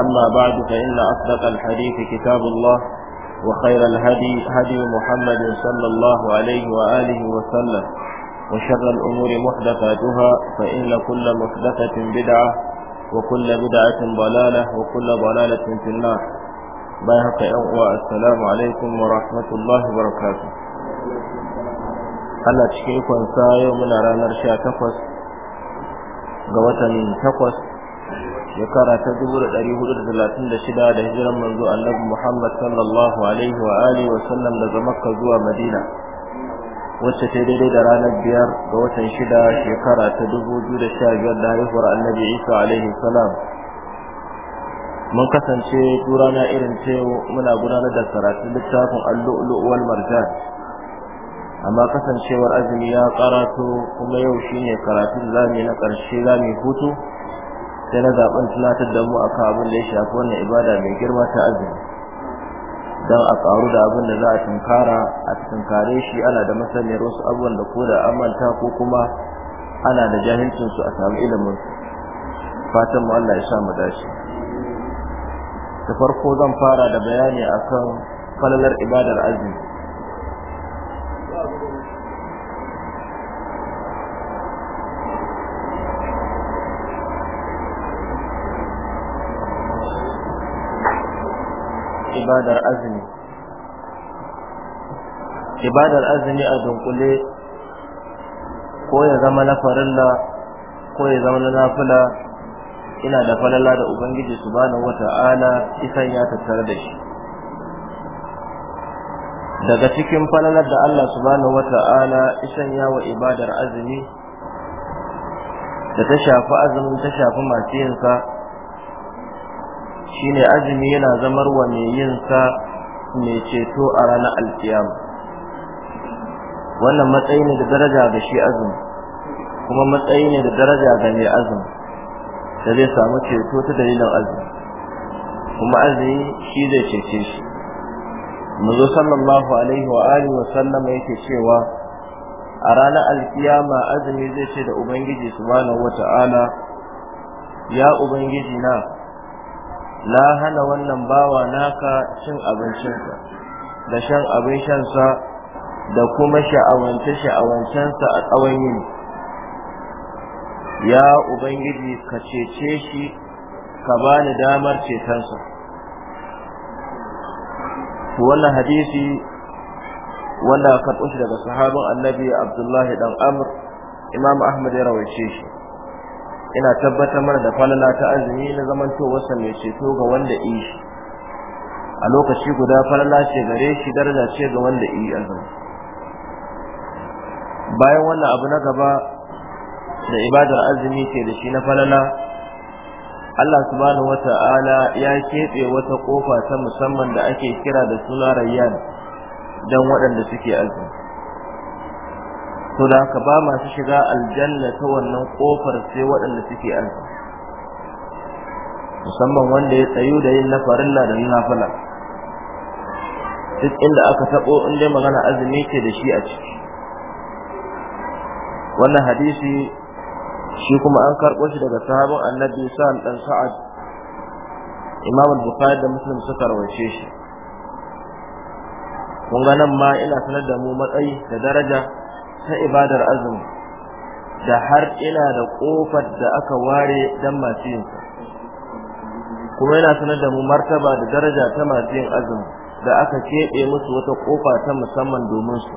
أما بعد فإن أصدق الحديث كتاب الله وخير الهدي هدي محمد صلى الله عليه وآله وسلم وشر الأمور محدثاتها فإن كل محدثة بدعة وكل بدعة ضلالة وكل ضلالة في النار باهك أقوى السلام عليكم ورحمة الله وبركاته Allah cikin kwansa yau muna ranar sha takwas ga watan takwas shekara ta dubu da ɗari hudu da talatin da shida da hijiran manzo annabi Muhammad sallallahu alaihi wa alihi wa sallam daga Makka zuwa Madina wacce ta daidai da ranar biyar ga watan shida shekara ta dubu biyu da sha biyar da haihuwar annabi Isa alaihi salam mun kasance turana irin ta muna gudanar da karatun littafin allu'lu wal marjan amma kasancewar azumi ya karato kuma yau shine karatun zamu na karshe zamu hutu sai na zaben tunatar da mu a kan abin da ya shafi wannan ibada mai girma ta azumi don a ƙaru da abin da za a tunkara a tunkare shi ana da masaniyar wasu abubuwan da ko da amanta ko kuma ana da jahilcinsu a samu ilimin fatan mu Allah ya sa mu dace da farko zan fara da bayani akan falalar ibadar azumi ibadar azumi ibadar azumi a dunkule ko ya zama na farilla ko ya zama na nafila ina da falala da ubangiji subhanahu wata'ala isan ya tattara da shi daga cikin falalar da Allah subhanahu wata'ala isan ya wa ibadar azumi da ta shafi azumin ta shafi masu yinsa shine azumi yana zamar wa mai yin sa mai ceto a ranar alkiyama wannan matsayi ne da daraja ga shi azumi kuma matsayi ne da daraja ga mai azumi da zai samu ceto ta dalilin azumi kuma azumi shi zai cece shi manzo sallallahu alaihi wa alihi wa sallama yake cewa a ranar alkiyama azumi zai ce da ubangiji subhanahu wata'ala ya ubangiji na na hana wannan bawa naka cin abincinsa da shan abin da kuma sha'awance sha'awancensa a tsawon yini ya ubangiji ka cece shi ka bani damar cetonsa wannan hadisi wanda ka daga sahabin annabi abdullahi dan Amur, imam ahmad ya rawaice shi ina tabbatar mana da falala ta azumi na zamantowarsa mai ceto ga wanda yi shi a lokaci guda falala ce gare shi daraja ce ga wanda yi azumi bayan wannan abu na gaba da ibadar azumi ke da shi na falala Allah subhanahu wata'ala ya keɓe wata ƙofa ta musamman da ake kira da suna rayyan don waɗanda suke azumi to da ka ba masu shiga aljanna ta wannan kofar sai waɗanda suke alfa musamman wanda ya tsayu da yin na da na duk inda aka taɓo in dai magana azumi ce da shi a ciki wannan hadisi shi kuma an karɓo shi daga sahabin annabi sa'an dan sa'ad imam al-bukhari da muslim suka rawaice shi kun ga nan ma ina sanar da mu matsayi da daraja ta ibadar azumi da har ina da kofar da aka ware dan masu sa kuma yana sanar da mu martaba da daraja ta masu yin azumi da aka keɓe musu wata kofa ta musamman domin su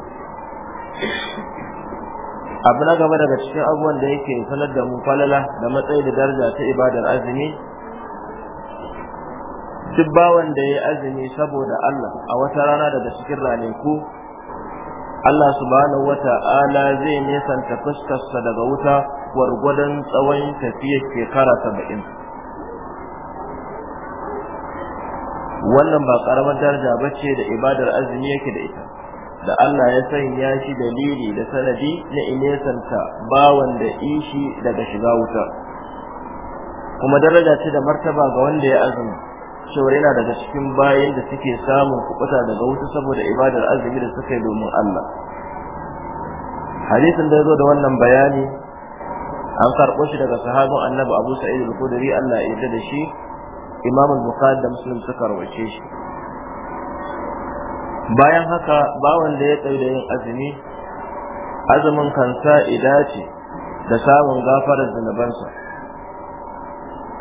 abu na gaba daga cikin abubuwan da yake sanar da mu falala da matsayi da daraja ta ibadar azumi duk bawan da ya azumi saboda Allah a wata rana daga cikin ranaku Allah subhanahu wata'ala zai nesanta fuskarsa daga wuta gwargwadon tsawon tafiyar shekara saba'in wannan ba ƙaramar daraja ba ce da ibadar azumi yake da ita da Allah ya sanya shi dalili da sanadi na inesanta bawan da ishi daga shiga wuta kuma daraja ce da martaba ga wanda ya azumi cewar yana daga cikin bayan da suke samun kubuta daga wuta saboda ibadar azumi da suka yi domin Allah hadisin da ya zo da wannan bayani an karɓo shi daga sahabin annabi Abu Sa'id al-Khudri Allah ya da shi Imam al-Bukhari da Muslim suka rawace shi bayan haka bawan da ya tsaye da yin azumi azumin kansa idace da samun gafarar zunubansa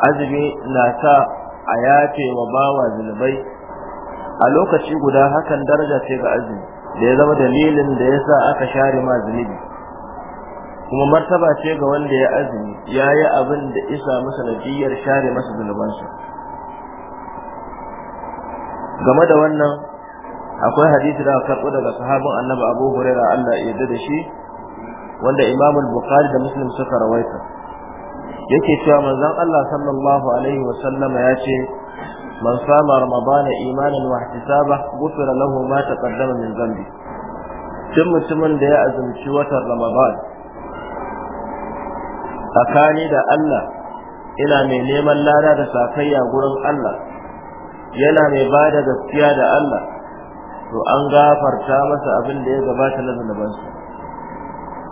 azumi na sa a yafe wa bawa zunubai a lokaci guda hakan daraja ce ga azumi da ya zama dalilin da yasa aka share ma zunubi kuma martaba ce ga wanda ya azumi ya yi abin da isa masa nadiyar share masa zunubansa game da wannan akwai hadisi da aka karɓo daga sahabin annabi abu hurairah Allah ya yarda da shi wanda imamul bukhari da muslim suka rawaita yake cewa manzon Allah sallallahu alaihi wa sallama ya ce man sama ramadana imanan wa ihtisaba ghufira lahu ma taqaddama min dhanbi duk mutumin da ya azumci watan ramadan tsakani da Allah ina mai neman lada da sakayya gurin Allah yana mai ba da gaskiya da Allah to an gafarta masa abin da ya gabata na zunubansa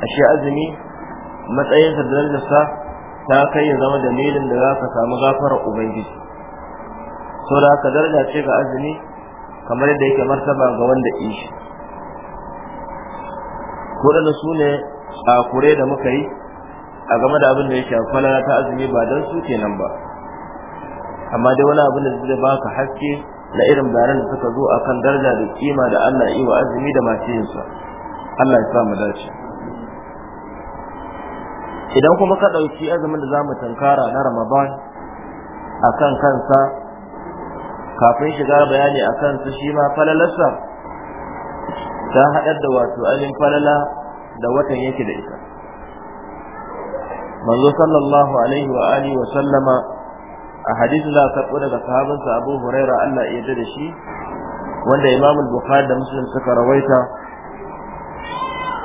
ashe azumi matsayinsa da sa ta kai ya zama dalilin da za ka samu gafarar ubangiji da haka daraja ce ga azumi kamar yadda yake martaba ga wanda ishi kodana su ne tsakure da muka yi a game da abin da ya kwana ta azumi ba don su kenan ba amma dai wani abin da zai baka haske na irin bayanan da suka zo akan daraja da kima da Allah yi wa azumi da masu yinsa Allah ya sa mu dace idan kuma ka ɗauki azumin da za mu tankara na ramadan a kan kansa kafin shiga bayani a kansa shi ma falalarsa ta haɗar da wato alin falala da watan yake da ita manzo sallallahu alaihi wa alihi wa sallama a za a karɓo daga sahabansa abu huraira allah ya da shi wanda imamul bukhari da muslim suka rawaita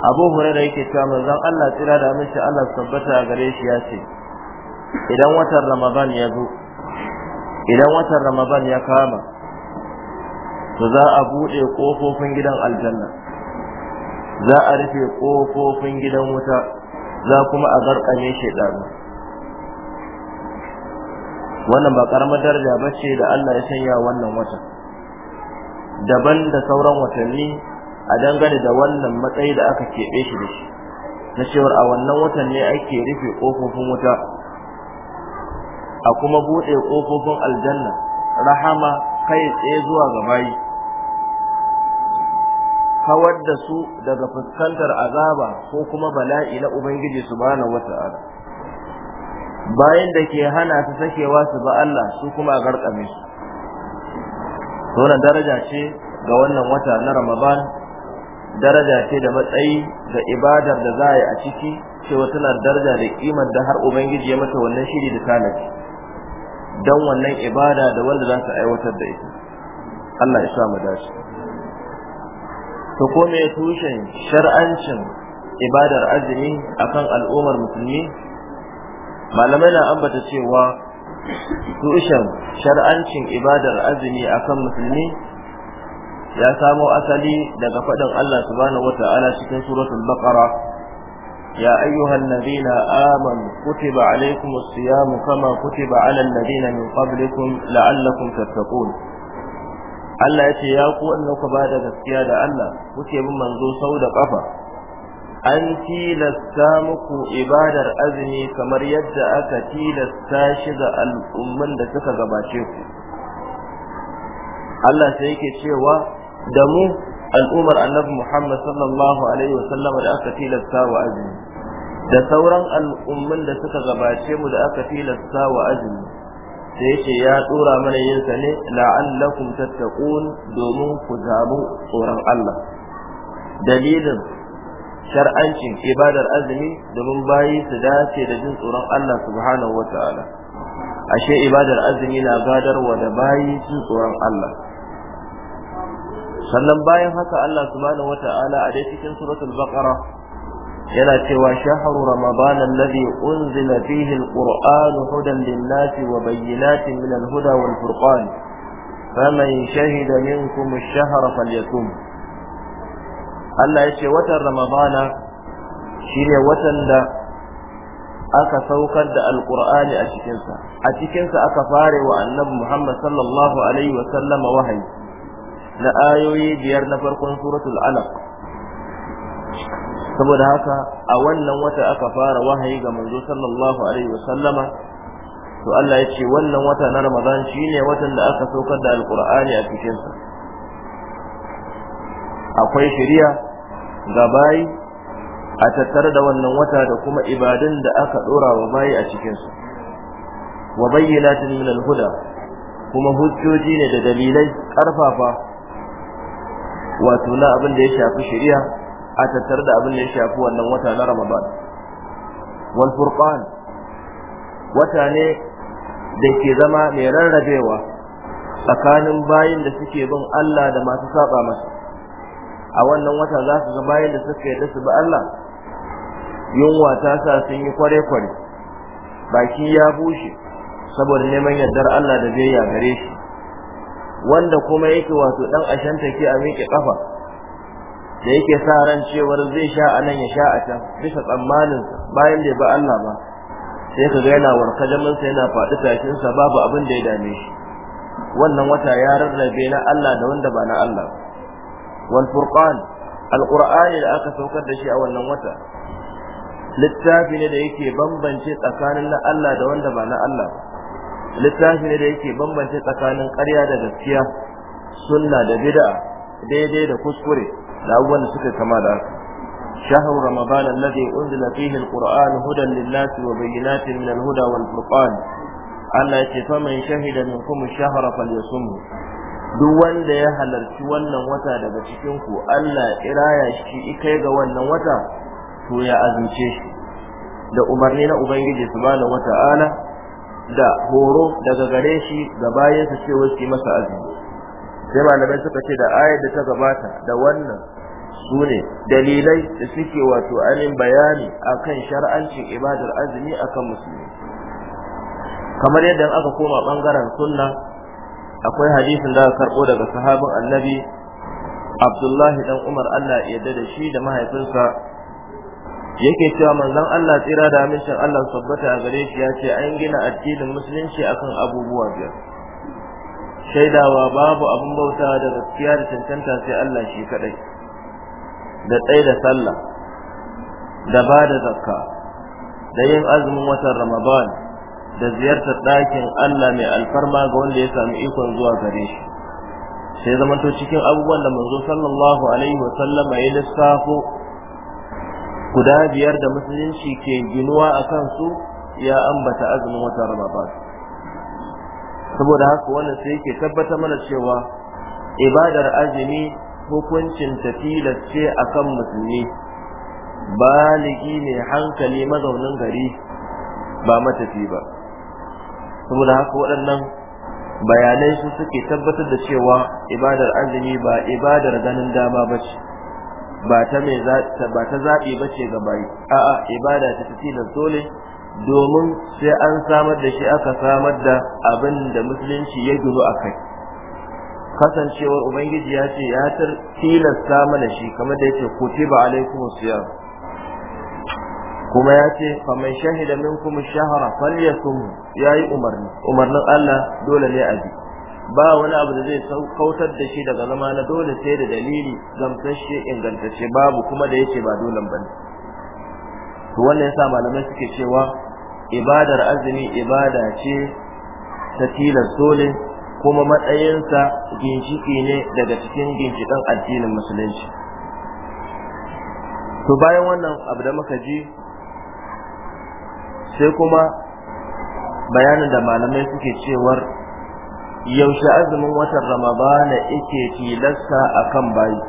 abu hurairah yake cewa manzon Allah tsira da aminci Allah tabbata gare shi ya ce idan watan ramadan ya zo idan watan ramadan ya kama to za a bude kofofin gidan aljanna za a rufe kofofin gidan wuta za kuma a garkame shedanu wannan ba karamar daraja bace da Allah ya sanya wannan wata daban da sauran watanni a dangane da wannan matsayi da aka keɓe shi da shi na cewar a wannan watan ne ake rufe ƙofofin wuta a kuma buɗe ƙofofin aljanna rahama kai tsaye zuwa ga bayi kawar da su daga fuskantar azaba ko kuma bala'i na ubangiji subhanahu wata'ala bayan da ke hana su sakewa su ba Allah su kuma garkame su wannan daraja ce ga wannan wata na Ramadan daraja ce da matsayi da ibadar da za a yi a ciki cewa tana daraja da kimar da har ubangiji ya mata wannan shiri da tanadi don wannan ibada da wanda za su aiwatar da ita Allah ya sa mu dace to ko me tushen shar'ancin ibadar azumi akan al'ummar musulmi malamai na ambata cewa tushen shar'ancin ibadar azumi akan musulmi ya samo asali daga faɗin Allah subhanahu wata'ala cikin suratul baqara ya ayyuhan ladina amanu kutiba alaykumus siyam kama kutiba alal ladina min qablikum la'allakum tattaqun Allah ya ce ya ku wannan ku bada gaskiya da Allah kuke bin manzo sau da kafa an tilasta muku ibadar azumi kamar yadda aka tilasta shi ga al'umman da suka gabace ku Allah sai yake cewa da mu al'ummar annabi Muhammad sallallahu alaihi wasallama da aka tilasta wa azumi da sauran al'ummin da suka gabace mu da aka tilasta wa azumi sai yake ya tura mana yin sa ne la'allakum tattaqun domin ku zamu tsoron Allah dalilin shar'ancin ibadar azumi domin bayi su dace da jin tsoron Allah subhanahu ta'ala. ashe ibadar azumi na gadarwa da bayi jin tsoron Allah sannan bayan haka Allah subhanahu wata'ala a dai cikin suratul baqara yana cewa shahru ramadan alladhi unzila fihi alquran hudan lin-nasi wa bayyinatin min al-huda wal-furqan faman shahida minkum ash-shahra falyasum Allah yace watan ramadana shine watan da aka saukar da alqur'ani a cikin sa a cikin sa aka fare wa annabi Muhammad sallallahu alaihi wa sallama wahayi na ayoyi biyar na farkon suratul alaq saboda haka a wannan wata aka fara wahayi ga manzo sallallahu alaihi wasallama to Allah ya ce wannan wata na Ramadan shine watan da aka saukar da alqur'ani a cikin sa akwai shari'a ga bayi a tattare da wannan wata da kuma ibadun da aka dora wa bayi a cikin sa wa bayyinatin min al-huda kuma hujjoji ne da dalilai karfafa wato na abin da ya shafi shari'a a tattar da abin da ya shafi wannan wata na Ramadan wal furqan wata ne da ke zama mai rarrabewa tsakanin bayin da suke bin Allah da masu saba masa a wannan wata za su ga bayin da suka yarda su bi Allah yunwa ta sa sun yi kware-kware baki ya bushe saboda neman yardar Allah da zai ya gare shi wanda kuma yake wato dan ashan ke a miƙe kafa da yake sa ran cewar zai sha anan ya sha a can bisa tsammanin bayan da ba Allah ba sai ka ga yana warka jamin sa yana faɗi tashin sa babu abin da ya dame shi wannan wata ya rarrabe na Allah da wanda ba na Allah wal furqan alqur'ani da aka saukar da shi a wannan wata littafi ne da yake bambance tsakanin na Allah da wanda ba na Allah ba littafi ne da yake bambance tsakanin ƙarya da gaskiya sunna da bid'a daidai da kuskure da abubuwan da suka kama da haka شهر رمضان hudan أنزل فيه القرآن هدى للناس وبينات من الهدى والفرقان Allah ya ce faman shahida minkum ash-shahra falyasumhu duk wanda ya halarci wannan wata daga cikin ku Allah iraya shi kai ga wannan wata to ya azumce shi da umarni na ubangiji subhanahu wata'ala da horo daga gare shi ga bayan su ce wasu masa azumi sai malamai suka ce da ayar da ta gabata da wannan su dalilai da suke wato anin bayani a kan shar'ancin ibadar azumi akan musulmi kamar yadda aka koma ɓangaren sunna akwai hadisin da karɓo daga sahabin annabi abdullahi dan umar allah ya yarda da shi da mahaifinsa yake cewa manzon Allah tsira da amincin Allah tabbata a gare shi ya ce an gina addinin musulunci akan abubuwa biyar shaidawa babu abin bauta da gaskiya da cancanta sai Allah shi kadai da tsaye da sallah da ba da zakka da yin azumin watan Ramadan da ziyartar ɗakin Allah mai alfarma ga wanda ya sami ikon zuwa gare shi sai zamanto cikin abubuwan da manzo sallallahu alaihi wa sallama ya lissafo guda biyar da musulunci ke ginuwa a kansu ya ambata azumin watan ramadan saboda haka wannan sai ke tabbata mana cewa ibadar azumi hukuncin tafilas ce akan musulmi liki ne hankali mazaunin gari ba matafi ba saboda haka waɗannan bayanai su suke tabbatar da cewa ibadar azumi ba ibadar ganin dama ba ce ba ta mai ba ce zabi ga bai a'a ibada ta da dole domin sai an samar da shi aka samar da abin da musulunci ya gudu kai. kasancewar ubangiji ya ce ya tar tilasta mana shi kamar da yake ba alaikum siyam kuma ya ce faman shahida minkum shahra Ya yayi umarni umarnin Allah dole ne a bi ba wani abu da zai kautar da shi daga zama na dole sai da dalili gamsashe ingantacce babu kuma da yake ba dole bane to wannan yasa malamai suke cewa ibadar azumi ibada ce ta tilastole, dole kuma matsayinsa ginshiki ne daga cikin ginshikan addinin musulunci to bayan wannan abu da muka ji sai kuma bayanin da malamai suke cewar yaushe azumin watan ramadana yake tilasta akan bayi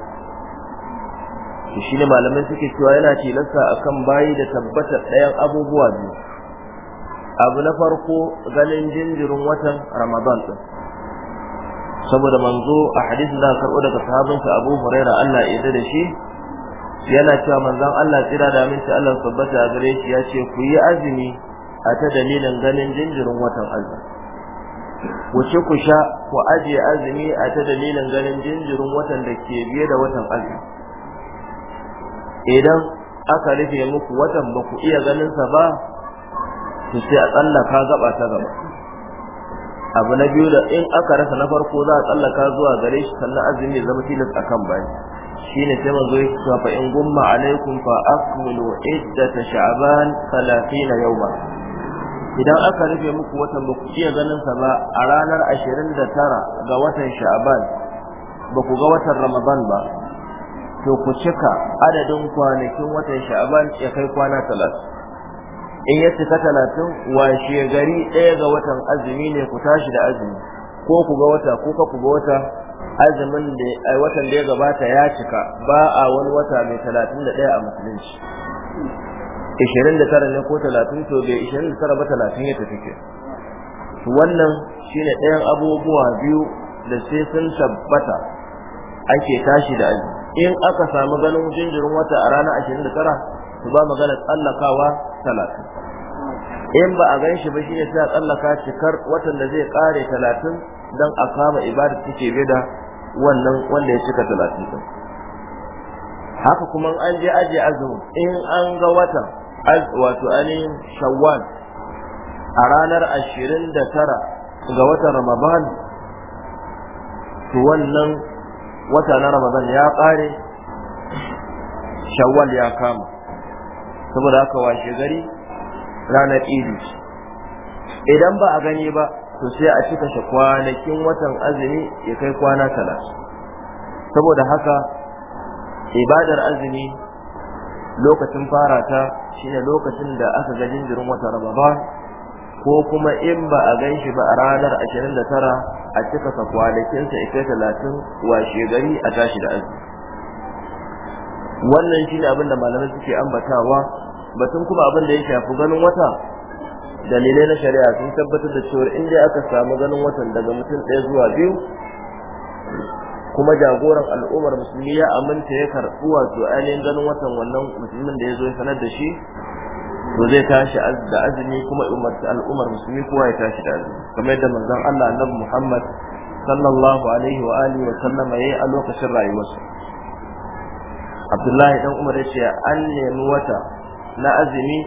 to ne malamai suke cewa yana tilasta akan bayi da tabbatar ɗayan abubuwa biyu abu na farko ganin jinjirin watan ramadan din saboda manzo a hadisin da karɓo daga sahabinsa abu huraira allah ya da shi yana cewa manzon allah tsira da aminci allah tabbata a gare shi ya ce ku yi azumi a ta dalilin ganin jinjirin watan allah ci ku sha ku ajiye azumi a ta dalilin ganin jinjirin watan da ke biye da watan azumi idan aka rufe muku watan ba ku iya ganin sa ba ku sai a tsallaka gaba ta gaba abu na biyu da in aka rasa na farko za a tsallaka zuwa gare shi sannan azumi zama tilas a kan bayan shine sai manzo yake cewa fa gumma alaikum fa akmilu iddata sha'ban 30 yawma idan aka rufe muku watan ba ku iya ganin sa ba a ranar 29 ga watan Sha'aban ba ku ga watan Ramadan ba to ku cika adadin kwanakin watan Sha'aban ya kai kwana 30 in ya cika 30 wa gari ɗaya ga watan azumi ne ku tashi da azumi ko ku ga wata ko ka ku ga wata azumin da watan da ya gabata ya cika ba a wani wata mai 31 a musulunci 29 ne ko 30 to bai 29 ba 30 ya tafi ke to wannan shine ɗayan abubuwa biyu da sai sun tabbata ake tashi da aji in aka samu ganin jinjirin wata a ranar 29 to ba magana tsallakawa 30 in ba a gan shi ba shine sai a tsallaka cikar watan da zai kare 30 dan a kama ibada take da wannan wanda ya cika 30 haka kuma an je aje azumi in an ga watan az wato ainihin shawwal a ranar ashirin da tara ga watan ramadan to wannan wata na ramadan ya ƙare shawwal ya kama saboda haka washe gari ranar idi idan ba a gani ba to sai a cika shi kwanakin watan azumi ya kai kwana talatin saboda haka ibadar azumi lokacin fara ta ne lokacin da aka ga jinjirin wata ba, ko kuma in ba a gan shi ba a ranar ashirin da tara a cika sa kwanakinsa ita 30 washe gari a tashi da azumi wannan shine abin da malamai suke ambatawa batun kuma abin da ya shafi ganin wata dalilai na shari'a sun tabbatar da cewa in dai aka samu ganin watan daga mutum ɗaya zuwa biyu kuma jagoran al'ummar musulmi ya aminta ya karɓi wato ainihin ganin watan wannan musulmin da ya zo ya sanar da shi to zai tashi da azumi kuma al'ummar musulmi kowa ya tashi da azumi kamar yadda manzon Allah annabi Muhammad sallallahu alaihi wa alihi wa sallam yayi a lokacin rayuwarsa Abdullahi dan Umar ya ce an nemi wata na azumi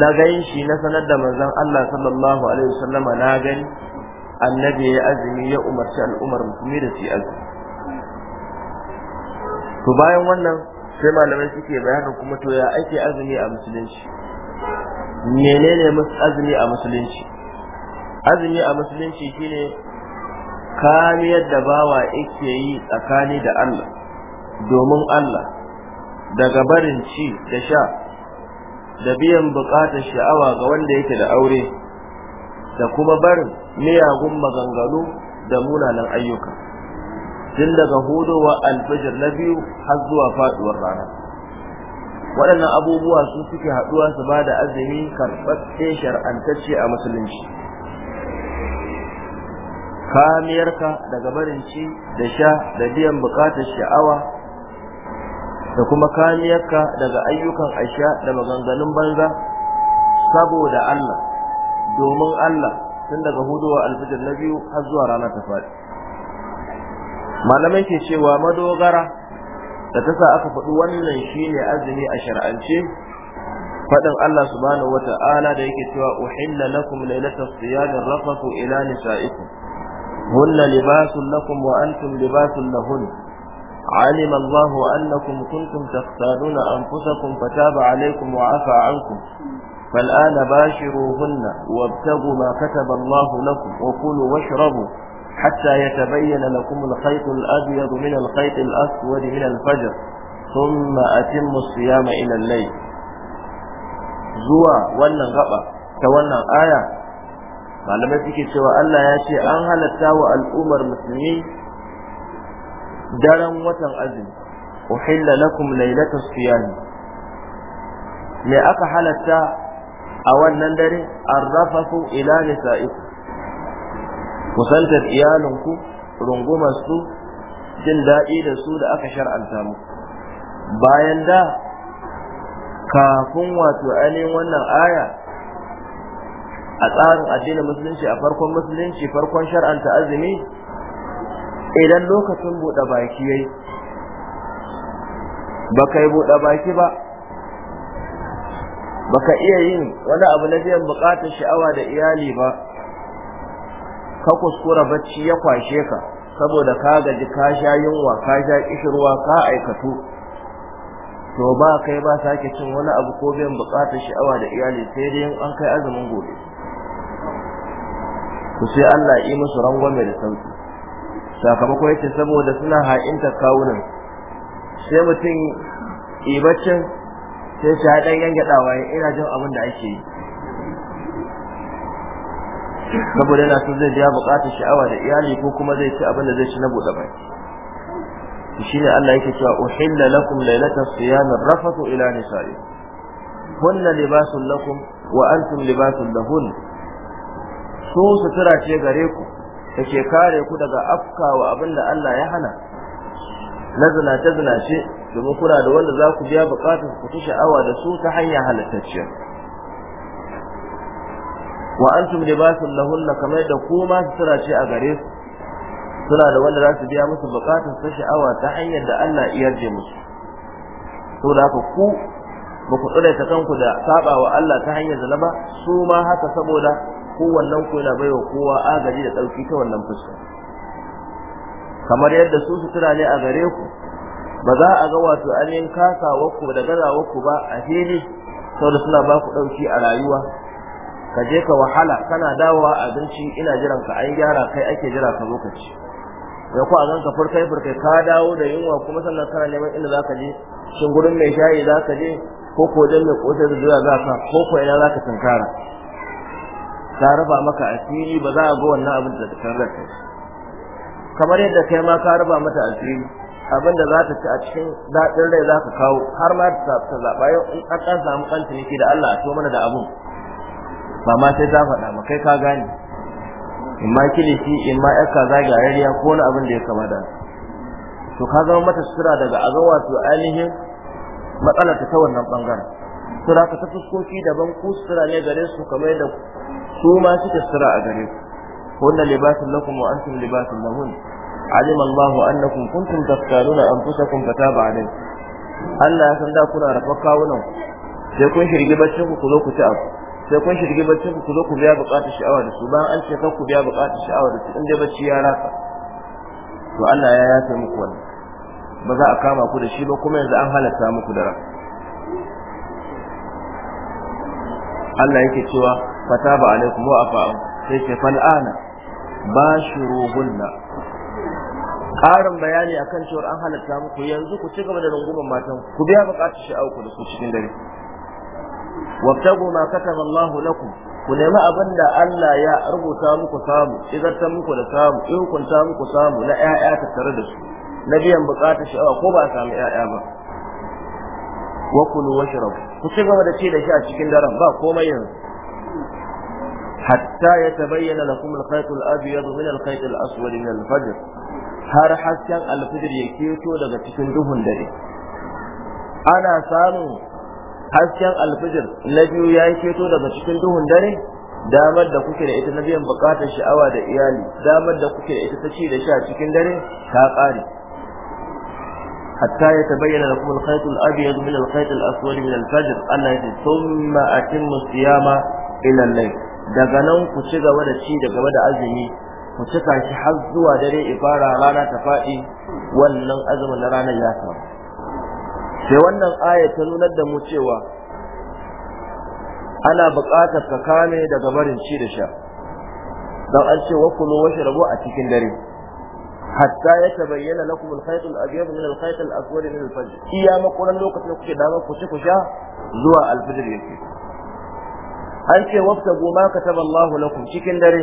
na gan shi na sanar da manzon Allah sallallahu alaihi wa sallama na gani annabi ya azumi ya umarci al'ummar musulmi da su azumi to bayan wannan sai malamai suke bayanin kuma to ya ake azumi a musulunci menene azumi a musulunci azumi a musulunci shine kamiyar da bawa yake yi tsakani da Allah domin Allah daga barin ci da sha da biyan bukatar sha'awa ga wanda yake da aure da kuma barin miyagun maganganu da munanan ayyuka tun daga hudowa alfajir na biyu har zuwa faduwar rana waɗannan abubuwa su suke haɗuwa su ba da azumi karɓaɓɓe shar'antacce a musulunci kamiyarka daga barin da sha da biyan buƙatar sha'awa da kuma kamiyarka daga ayyukan asha da maganganun banza saboda Allah domin Allah tun daga hudowa alfijir na biyu har zuwa rana ta faɗi malamai ke cewa madogara da ta sa aka faɗi wannan ne azumi a shar'ance faɗin Allah subhanahu Ta'ala da yake cewa uhilla lakum lailatas siyam rafathu ila nisaikum hunna libasun lakum wa antum libasun lahunna علم الله أنكم كنتم تختارون أنفسكم فتاب عليكم وعفى عنكم فالآن باشروهن وابتغوا ما كتب الله لكم وكلوا واشربوا حتى يتبين لكم الخيط الأبيض من الخيط الأسود من الفجر ثم أتموا الصيام إلى الليل زوا wannan gaba ta wannan aya malamai suke cewa Allah ya ce an halatta wa al'ummar musulmi daren watan azumi uhilla lakum lailatul siyam me aka halatta a wannan dare arrafafu ila nisa'iku kusantar iyalinku rungumar su jin daɗi da su da aka shar'anta mu bayan da kafin wato ainihin wannan aya a tsarin addinin musulunci a farkon musulunci farkon shar'anta azumi idan lokacin buɗe baki yayi ba kai buɗe baki ba baka iya yin wani abu na biyan bukatar sha'awa da iyali ba ka kuskura bacci ya kwashe ka saboda ka gaji ka sha yunwa ka sha kishirwa ka aikatu to ba kai ba sake cin wani abu ko biyan bukatar sha'awa da iyali sai dai an kai azumin gobe ku sai Allah yi musu rangwame da sauki sakamako yake saboda suna ha'inta kawunan sai mutum ibaccin sai ta dan yangadawa ina jin abin da ake yi saboda yana so zai ya bukatar sha'awa da iyali ko kuma zai ci abin da zai ci na buɗe bai shine Allah yake cewa uhilla lakum laylata siyam rafathu ila nisa'i hunna libasun lakum wa antum libasun lahun su sutura ce gare ku take kare ku daga wa abin da Allah ya hana na zinace zinace domin kuna da wanda za ku biya bukatar ku ci sha'awa da su ta hanya halattacciya wa basu libasun lahunna kamar da ku ma sutura ce a gare su suna da wanda za su biya musu bukatar ta sha'awa ta hanyar da Allah ya yarje musu to da haka ku ba ku tsare ta kanku da saba wa Allah ta hanyar zina ba su ma haka saboda wannan ku yana baiwa kowa agaji da ɗauki ta wannan fuska kamar yadda su tura ne a gare ku ba za a ga wato kasa kasawarku da gazawarku ba a fili saboda suna ba ku ɗauki a rayuwa ka je ka wahala kana dawowa abinci ina jiran ka an gyara kai ake jira ka lokaci da ku a zan ka furkai furkai ka dawo da yunwa kuma sannan kana neman inda za ka je shin gurin mai shayi za ka je ko ko wajen mai ƙotar da zuwa za ka ko ko ina za ka tunkara ta raba maka asiri ba za a ga wannan abin da ta kai kamar yadda kai ma ka raba mata asiri abin da za ta ci a cikin daɗin rai za ka kawo har ma ta zaɓa yau in an ɗan samu ɗan ciniki da Allah a so mana da abun ba ma sai ta faɗa ma kai ka gane in ma shi in ma zagi a gyararriya ko wani abin da ya kama da to ka zama mata sutura daga a zama wato ainihin matsalar ta ta wannan ɓangaren sutura ka ta fuskoki daban ku sutura ne gare su kamar da su ma suke sutura a gare ku na libasin lakum wa antum libasin lahum alima Allah annakum kuntum taftaruna anfusakum fataba alaykum Allah ya san da kuna rafa kawunan sai kun shirgi baccin ku zo ku ci abu sai kun shirgi baccin ku zo ku biya bukatar sha'awa da su bayan an ce kan ku biya bukatar sha'awa da su in dai bacci ya rasa to Allah ya yafe muku wannan ba za a kama ku da shi ba kuma yanzu an halatta muku da ran Allah yake cewa fataba alaikum wa afa sai ce fal ana bashiruhunna ƙarin bayani akan cewar an halatta muku yanzu ku ci gaba da rungumar matan ku biya buƙatar sha'awar ku da su cikin dare wabtagu ma kataba Allah lakum ku nemi abin da Allah ya rubuta muku samu izarta muku da samu in ta muku samu na ƴaƴa tare da su na biyan buƙatar sha'awa ko ba samu ƴaƴa ba wa kulu washrab ku ci gaba da ci da shi a cikin daren ba komai yanzu hatta yatabayyana lakum al-khayt al-abyad min al-khayt al-aswad min har hasken al ya keto daga cikin duhun dare ana samun hasken al na biyu ya keto daga cikin duhun dare damar da kuke da ita na biyan bukatar sha'awa da iyali damar da kuke da ita ta ci da sha cikin dare ta ƙare حتى يتبين لكم الخيط الأبيض من الخيط الأسود من الفجر الذي ثم أتم الصيام إلى الليل daga nan ku ci gaba da ci da gaba da azumi ku ci shi har zuwa dare ibara rana ta faɗi wannan azumin na ranar ya samu sai wannan aya ta nunar da mu cewa ana buƙatar ka kame daga barin ci da sha dan an ce wa kulu washrabu a cikin dare hatta ya tabayyana lakum al-khayt al-abyad min al-khayt al-aswad min al-fajr iya makuran lokacin kuke da ku ci ku sha zuwa al-fajr yake an ce waftagu ma kataba Allahu lakum cikin dare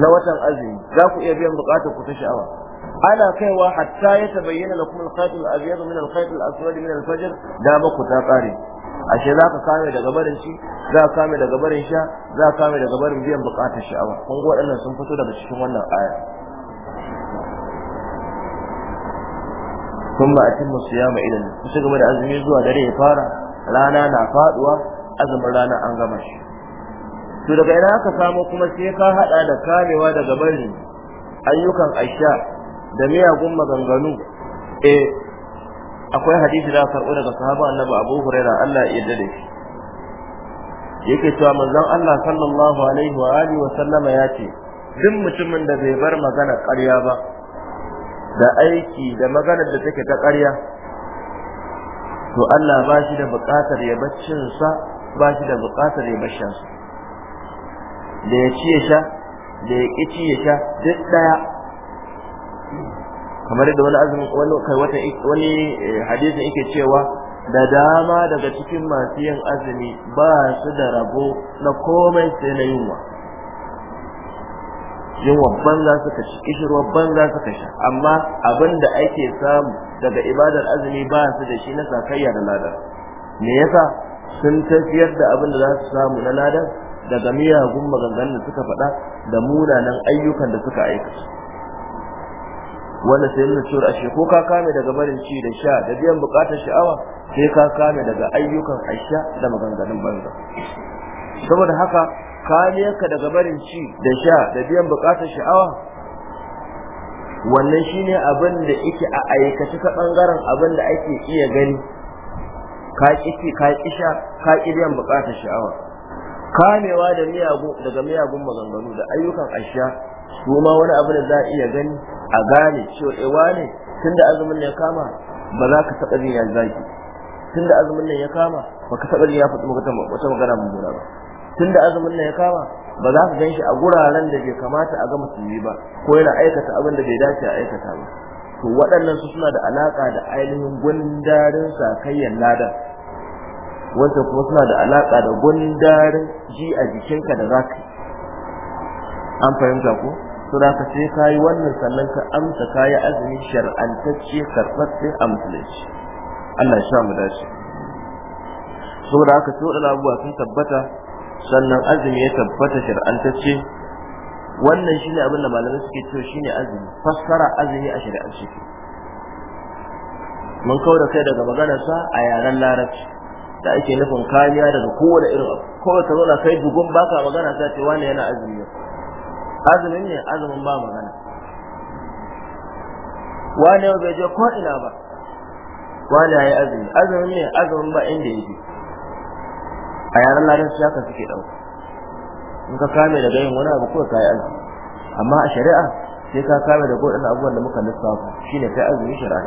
na watan azumi za ku iya biyan bukatar ku ta sha'awa ana kaiwa hatta ya tabayyana lakum al-khayt al-abyad min al-khayt al-aswad min al-fajr da ba ta tsare ashe za ka kame daga barin shi, za ka kame daga barin sha za ka kame daga barin biyan bukatar sha'awa kun ga waɗannan sun fito daga cikin wannan aya ثم أتم الصيام إلى kusa game da azumi zuwa dare ya fara. rana na faduwa azumin rana an gama shi to daga ina aka samo kuma sai ka hada da karewa daga bari ayyukan aisha da miyagun maganganu eh akwai hadisi da farko daga sahaba annabi Abu Huraira Allah ya yarda da shi yake cewa manzon Allah sallallahu alaihi wa alihi wa sallama ya ce duk mutumin da bai bar magana ƙarya ba da aiki da maganar da take ta ƙarya to Allah ba shi da buƙatar ya baccin sa ba shi da buƙatar ya bashan su da ya ci ya sha da ya ƙi ci ya sha duk ɗaya kamar da wani azumin wani wata wani eh, hadisin yake cewa da dama daga cikin masu yin azumi ba su da rabo na komai sai na yunwa yunwa banza suka ci kishirwa banza suka sha amma abin da ake samu daga ibadar azumi ba su da shi na sakayya da ladar me yasa sun tafiyar da abin da za su samu na lada daga miyagun maganganun da suka faɗa da munanan ayyukan da suka aikata wanda sai nuna cewa ashe ko ka kame daga barin ci da sha da biyan bukatar sha'awa sai ka kame daga ayyukan aisha da maganganun banza saboda haka kariyarka daga barin ci da sha da biyan bukatar sha'awa wannan shine abin da yake a aikace ta bangaren abin da ake iya gani ka ƙi ka ƙi sha ka ƙi biyan buƙatar sha'awa kamewa da miyagun daga miyagun maganganu da ayyukan ashiya su ma wani abu da za a iya gani a gane cewa ewa eh, ne tunda azumin ne kama ba za ka taɓa jin ya zaki tunda azumin nan ya kama ba ka taɓa jin ya faɗi wata magana mummuna ba tunda azumin nan ya kama ba za ka gan shi a guraren da bai kamata a ga musulmi ba ko yana aikata abin da bai dace a aikata ba to waɗannan su suna da alaƙa da ainihin gundarin sakayyar ladan wanda kuma suna da alaƙa da gundarin ji a jikinka da za ka an fahimta ko to da ka ce ka yi wannan sannan ka amsa ka yi azumi shar'antacce karɓaɓɓe a musulunci Allah ya sha mu dace saboda haka sai waɗannan abubuwa sun tabbata sannan azumi ya tabbata shar'antacce wannan shine abin da malamai suke cewa shine azumi fassara azumi a shari'ar shi mun kawo da kai daga maganarsa a yaren larabci da ake nufin kariya daga kowane irin abu kawai ka zauna kai dugun baka magana sai ce wani yana azumi azumin ne azumin ba magana wani bai je ko ina ba wani ya yi azumi azumin ne azumin ba inda yake a yaren larabci haka suke dauka in ka kame daga yin wani abu ko ka yi azumi amma a shari'a sai ka kame daga waɗannan abubuwan da muka lissafa shine kai azumi shari'a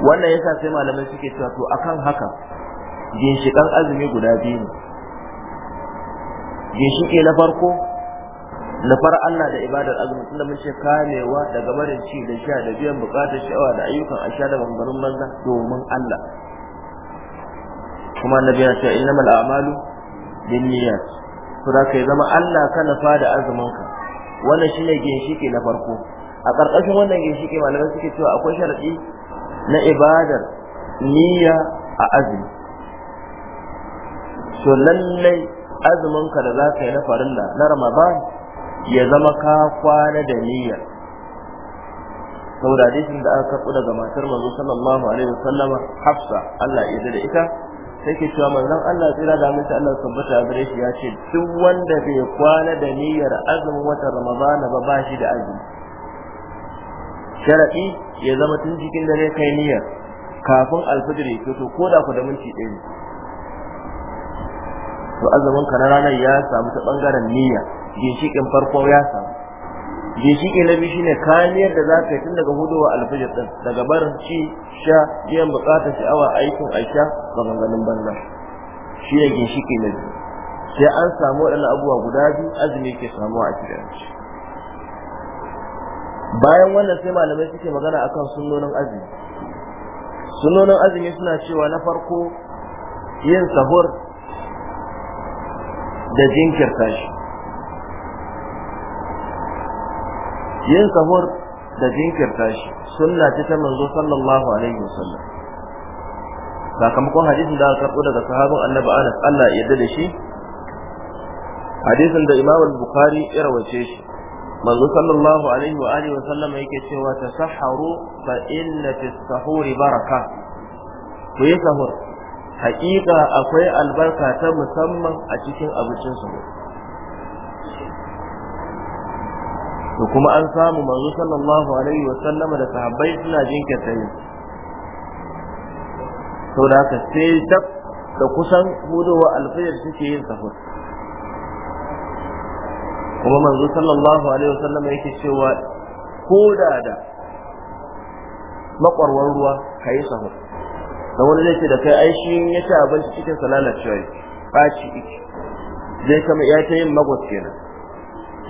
wannan yasa sai malamai suke cewa to akan haka ginshikan azumi guda biyu ne ginshiƙi na farko na far Allah da ibadar azumi tunda mun ce kamewa daga barin ci da sha da biyan bukatar sha'awa da ayyukan asha da bangaren banza domin Allah kuma annabi ya ce innamal a'malu niyyar to da kai zama Allah ka nufa da azumin ka wannan shine ginshiki na farko a karkashin wannan ginshiki malamai suke cewa akwai sharadi na ibadar niyya a azumi to lallai azumin da zaka yi na farilla na ramadan ya zama ka kwana da niyya saboda hadisin da aka karɓo daga matar manzo sallallahu alaihi wasallama hafsa Allah ya da ita sai ke cewa manzon Allah tsira da mutum Allah tabbata a gare shi ya ce duk wanda bai kwana da niyyar azumin watan Ramadana ba ba shi da azumi sharadi ya zama tun cikin dare kai niyyar kafin alfajir ya to ko da ku da minti ɗaya to azumin ka na ranar ya samu ta bangaren niyya ginshikin farko ya samu ke na biyu shine kaniyar da za ka yi tun daga wa alfajir ɗin, daga barin ci sha biyan bukatar sha'awa aikin aisha maganganun banza shi ne shi na biyu sai an samu waɗanda abubuwa guda biyu azumi ke samuwa a cikin bayan wannan sai malamai suke magana akan sunnonin azumi sunnonin azumi suna cewa na farko yin sahur da jinkirta shi yin sahur da jinkirta shi sunna ce ta manzo sallallahu alaihi wasallam sakamakon hadisin da aka karbo daga sahabin annabi Anas Allah ya yarda da shi hadisin da Imam al-Bukhari ya rawace shi manzo sallallahu alaihi wa alihi wasallam yake cewa tasahharu fa inna fis sahuri baraka ku yi sahur haƙiƙa akwai albarka ta musamman a cikin abincin sahur to kuma an samu manzo sallallahu alaihi wa sallama da sahabbai suna jinkirta yin da haka sai ta da kusan hudowa alfayar suke yin sahur kuma manzo sallallahu alaihi wa sallama yake cewa ko da da makwarwar ruwa ka yi sahur da wani zai ce da kai ai shi ya ci abinci cikin salalar cewa ɓaci iki zai kama ya ta yin magwas kenan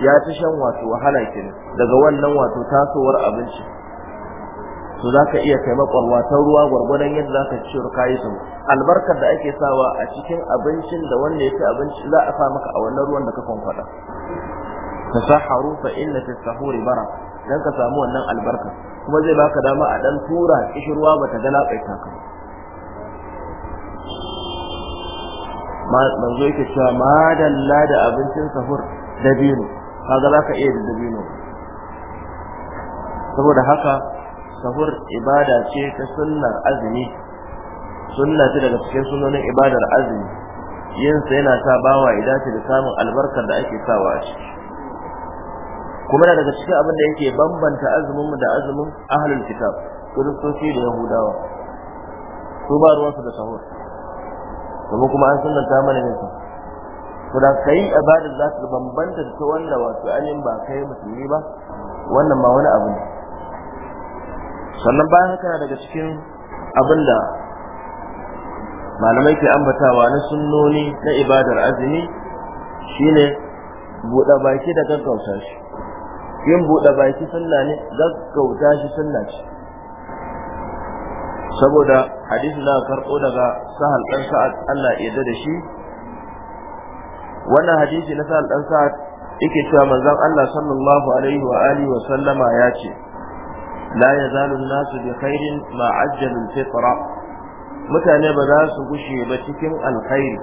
ya ta shan wato wahala ne, daga wannan wato tasowar abinci to za ka iya kai ta ruwa gwargwadon yadda za ka ci kayi su albarkar da ake sawa a cikin abincin da wanda ya ci abinci za a sa maka a wannan ruwan da ka kwankwada tasaharu fa inna fi sahuri bara dan ka samu wannan albarka kuma zai baka dama a dan tura kishirwa bata ga labaita ka manzo yake cewa madalla da abincin sahur dabino. kaga za ka iya dabino saboda haka sahur ibada ce ta sunnar azumi sunna ce daga cikin sunonin ibadar azumi yinsa yana sa bawa idan da samun albarkar da ake sawa a ciki kuma na daga cikin abin da yake bambanta azuminmu da azumin ahlul kitab kiristoci da yahudawa su ba ruwansu da sahur kuma kuma an sunnanta mana yin da kai ibadar za ta bambanta ta wanda wato anin ba kai musulmi ba wannan ma wani abu ne sannan bayan haka daga cikin abin da malamai ke ambatawa na sunnoni na ibadar azumi shine buɗe baki da gaggauta shi yin buɗe baki sunna ne gaggauta shi sunna ce saboda hadisi na karɓo daga sahal ɗan sa'ad Allah ya da shi wannan hadisi na sa'al dan sa'ad yake cewa manzon Allah sallallahu alaihi wa alihi wa sallama ya ce la yazalu nasu bi khairin ma ajjalul fitra mutane ba za su gushe ba cikin alkhairi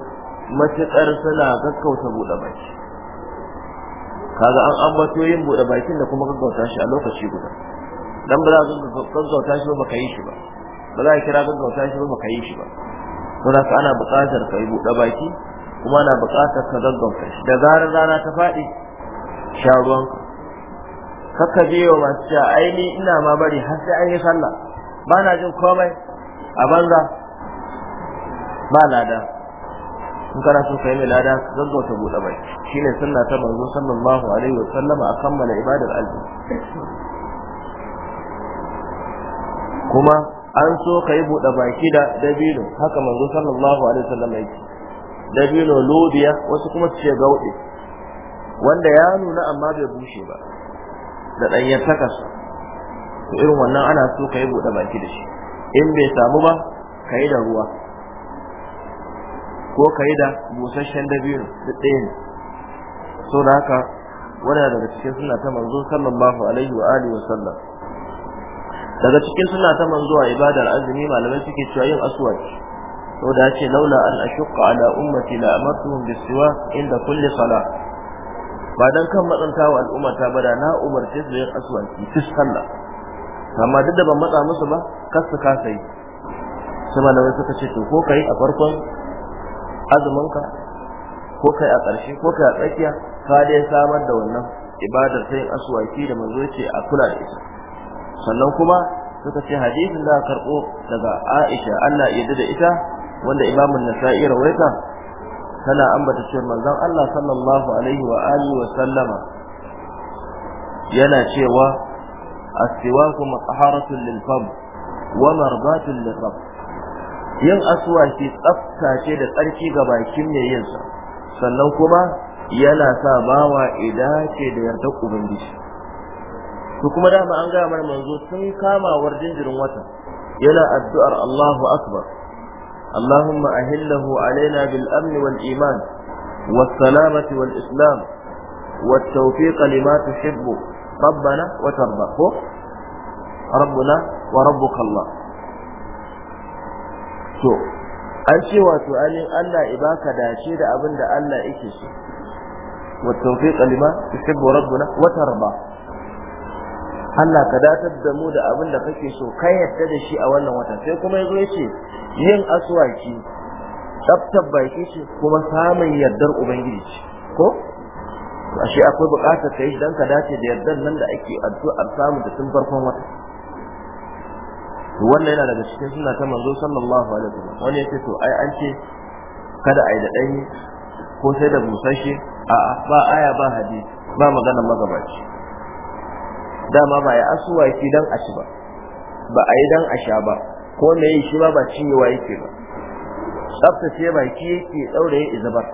matuƙar suna gaggauta buɗe baki kaga an ambato yin buɗe bakin da kuma gaggauta shi a lokaci guda dan ba za ka gaggauta shi ba baka yi shi ba ba za ka kira gaggauta shi ba baka yi shi ba don haka ana buƙatar ka yi buɗe baki kuma na buƙatar ka gaggauta shi da zarar rana ta faɗi sha ruwan kaka je wa masu cewa aini ina ma bari har sai an yi sallah ba na jin komai a banza ba lada in kana so ka yi mai lada ka gaggauta buɗe bai ne sallah ta manzo sallallahu alaihi wa sallama a kammala ibadar albi kuma an so ka yi buɗe baki da dabino haka manzo sallallahu alaihi wa sallama yake dabino lobiya wasu kuma su ce gauɗe wanda ya nuna amma bai bushe ba da ɗanyar takasa to irin wannan ana so ka yi buɗe baki da shi in bai samu ba ka yi da ruwa ko ka yi da busasshen dabino duk ɗaya ne so da haka wani daga cikin suna ta manzo sallallahu alaihi wa alihi wa sallam daga cikin suna ta manzo a ibadar azumi malamai suke cewa yin aswaki saboda da ce laula an ashqa ala ummati la amartuhum inda kulli salah ba dan kan matsanta wa al'ummata ba da na umarce su yin aswanci fi sallah amma duk da ban matsa musu ba kar su kasa sai malamai suka ce to ko kai a farkon azuminka ko kai a ƙarshe ko kai a tsakiya ka dai samar da wannan ibadar ta yin aswaki da manzo ce a kula da ita sannan kuma suka ce hadisin da karɓo daga Aisha Allah ya da ita wanda Imam an-Nasa'i rawaita tana ambata cewa manzon Allah sallallahu alaihi wa alihi wa sallama yana cewa as-siwaku mataharatun lil fam wa marbatun lil yin aswaki tsafta ce da tsarki ga bakin mai yin sa sannan kuma yana sa bawa idace da yarda ubangiji to kuma dama an ga mar manzo sun kama warjin jirin wata yana addu'ar Allahu akbar اللهم أهله علينا بالأمن والإيمان والسلامة والإسلام والتوفيق لما تحب ربنا وترضى ربنا وربك الله to an ce wato ainihin Allah ibaka dace da abin da Allah yake so wa tawfiqa lima tuhibbu rabbuna wa tarda Allah ka datar da mu da abin da kake so kai yadda da shi a wannan wata sai kuma yazo yace yin aswaki tsaftar baki ce kuma samun yardar ubangiji ce ko ashe akwai buƙatar kai dan ka dace da yardar nan da ake addu'ar samu da tun farkon wata wannan yana daga cikin suna ta manzo sallallahu alaihi wasallam wani yace to ai an ce kada ai da dani ko sai da busashe a'a ba aya ba hadisi ba magana magabaci dama ba ya asuwa yake dan a ci ba ba a yi dan a sha ba ko me yi shi ba ba cinyewa yake ba tsaftace baki yake daure izabar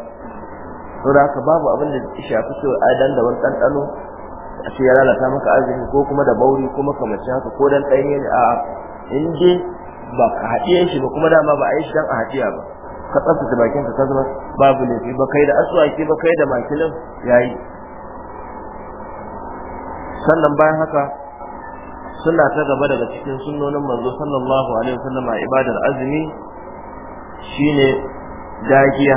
to da haka babu abin da ya shafi so a dan da wani ɗanɗano a ce ya lalata maka azumi ko kuma da bauri kuma kamar haka ko dan ɗanye ne a in dai ba ka haɗiye shi ba kuma dama ba a yi shi dan a haɗiya ba ka tsaftace bakinka ka zama babu laifi ba kai da ke ba kai da makilin yayi sannan bayan haka suna ta gaba daga cikin sunnonin manzo sallallahu alaihi wasallam a ibadar azumi shine dajiya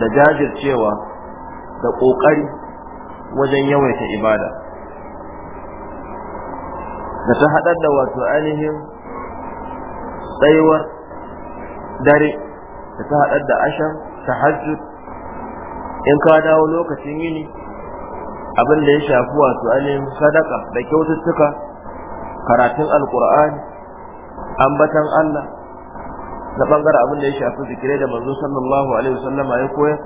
da jajircewa da kokari wajen yawaita ibada da ta haɗar da wato ainihin tsayuwar dare da ta haɗar da ashan tahajjud in ka dawo lokacin yini abin da ya shafi wato ainihin sadaka da kyaututtuka karatun alkur'ani ambatan Allah na bangaren abin da ya shafi zikirai da manzo sallallahu alaihi wasallam ya koyar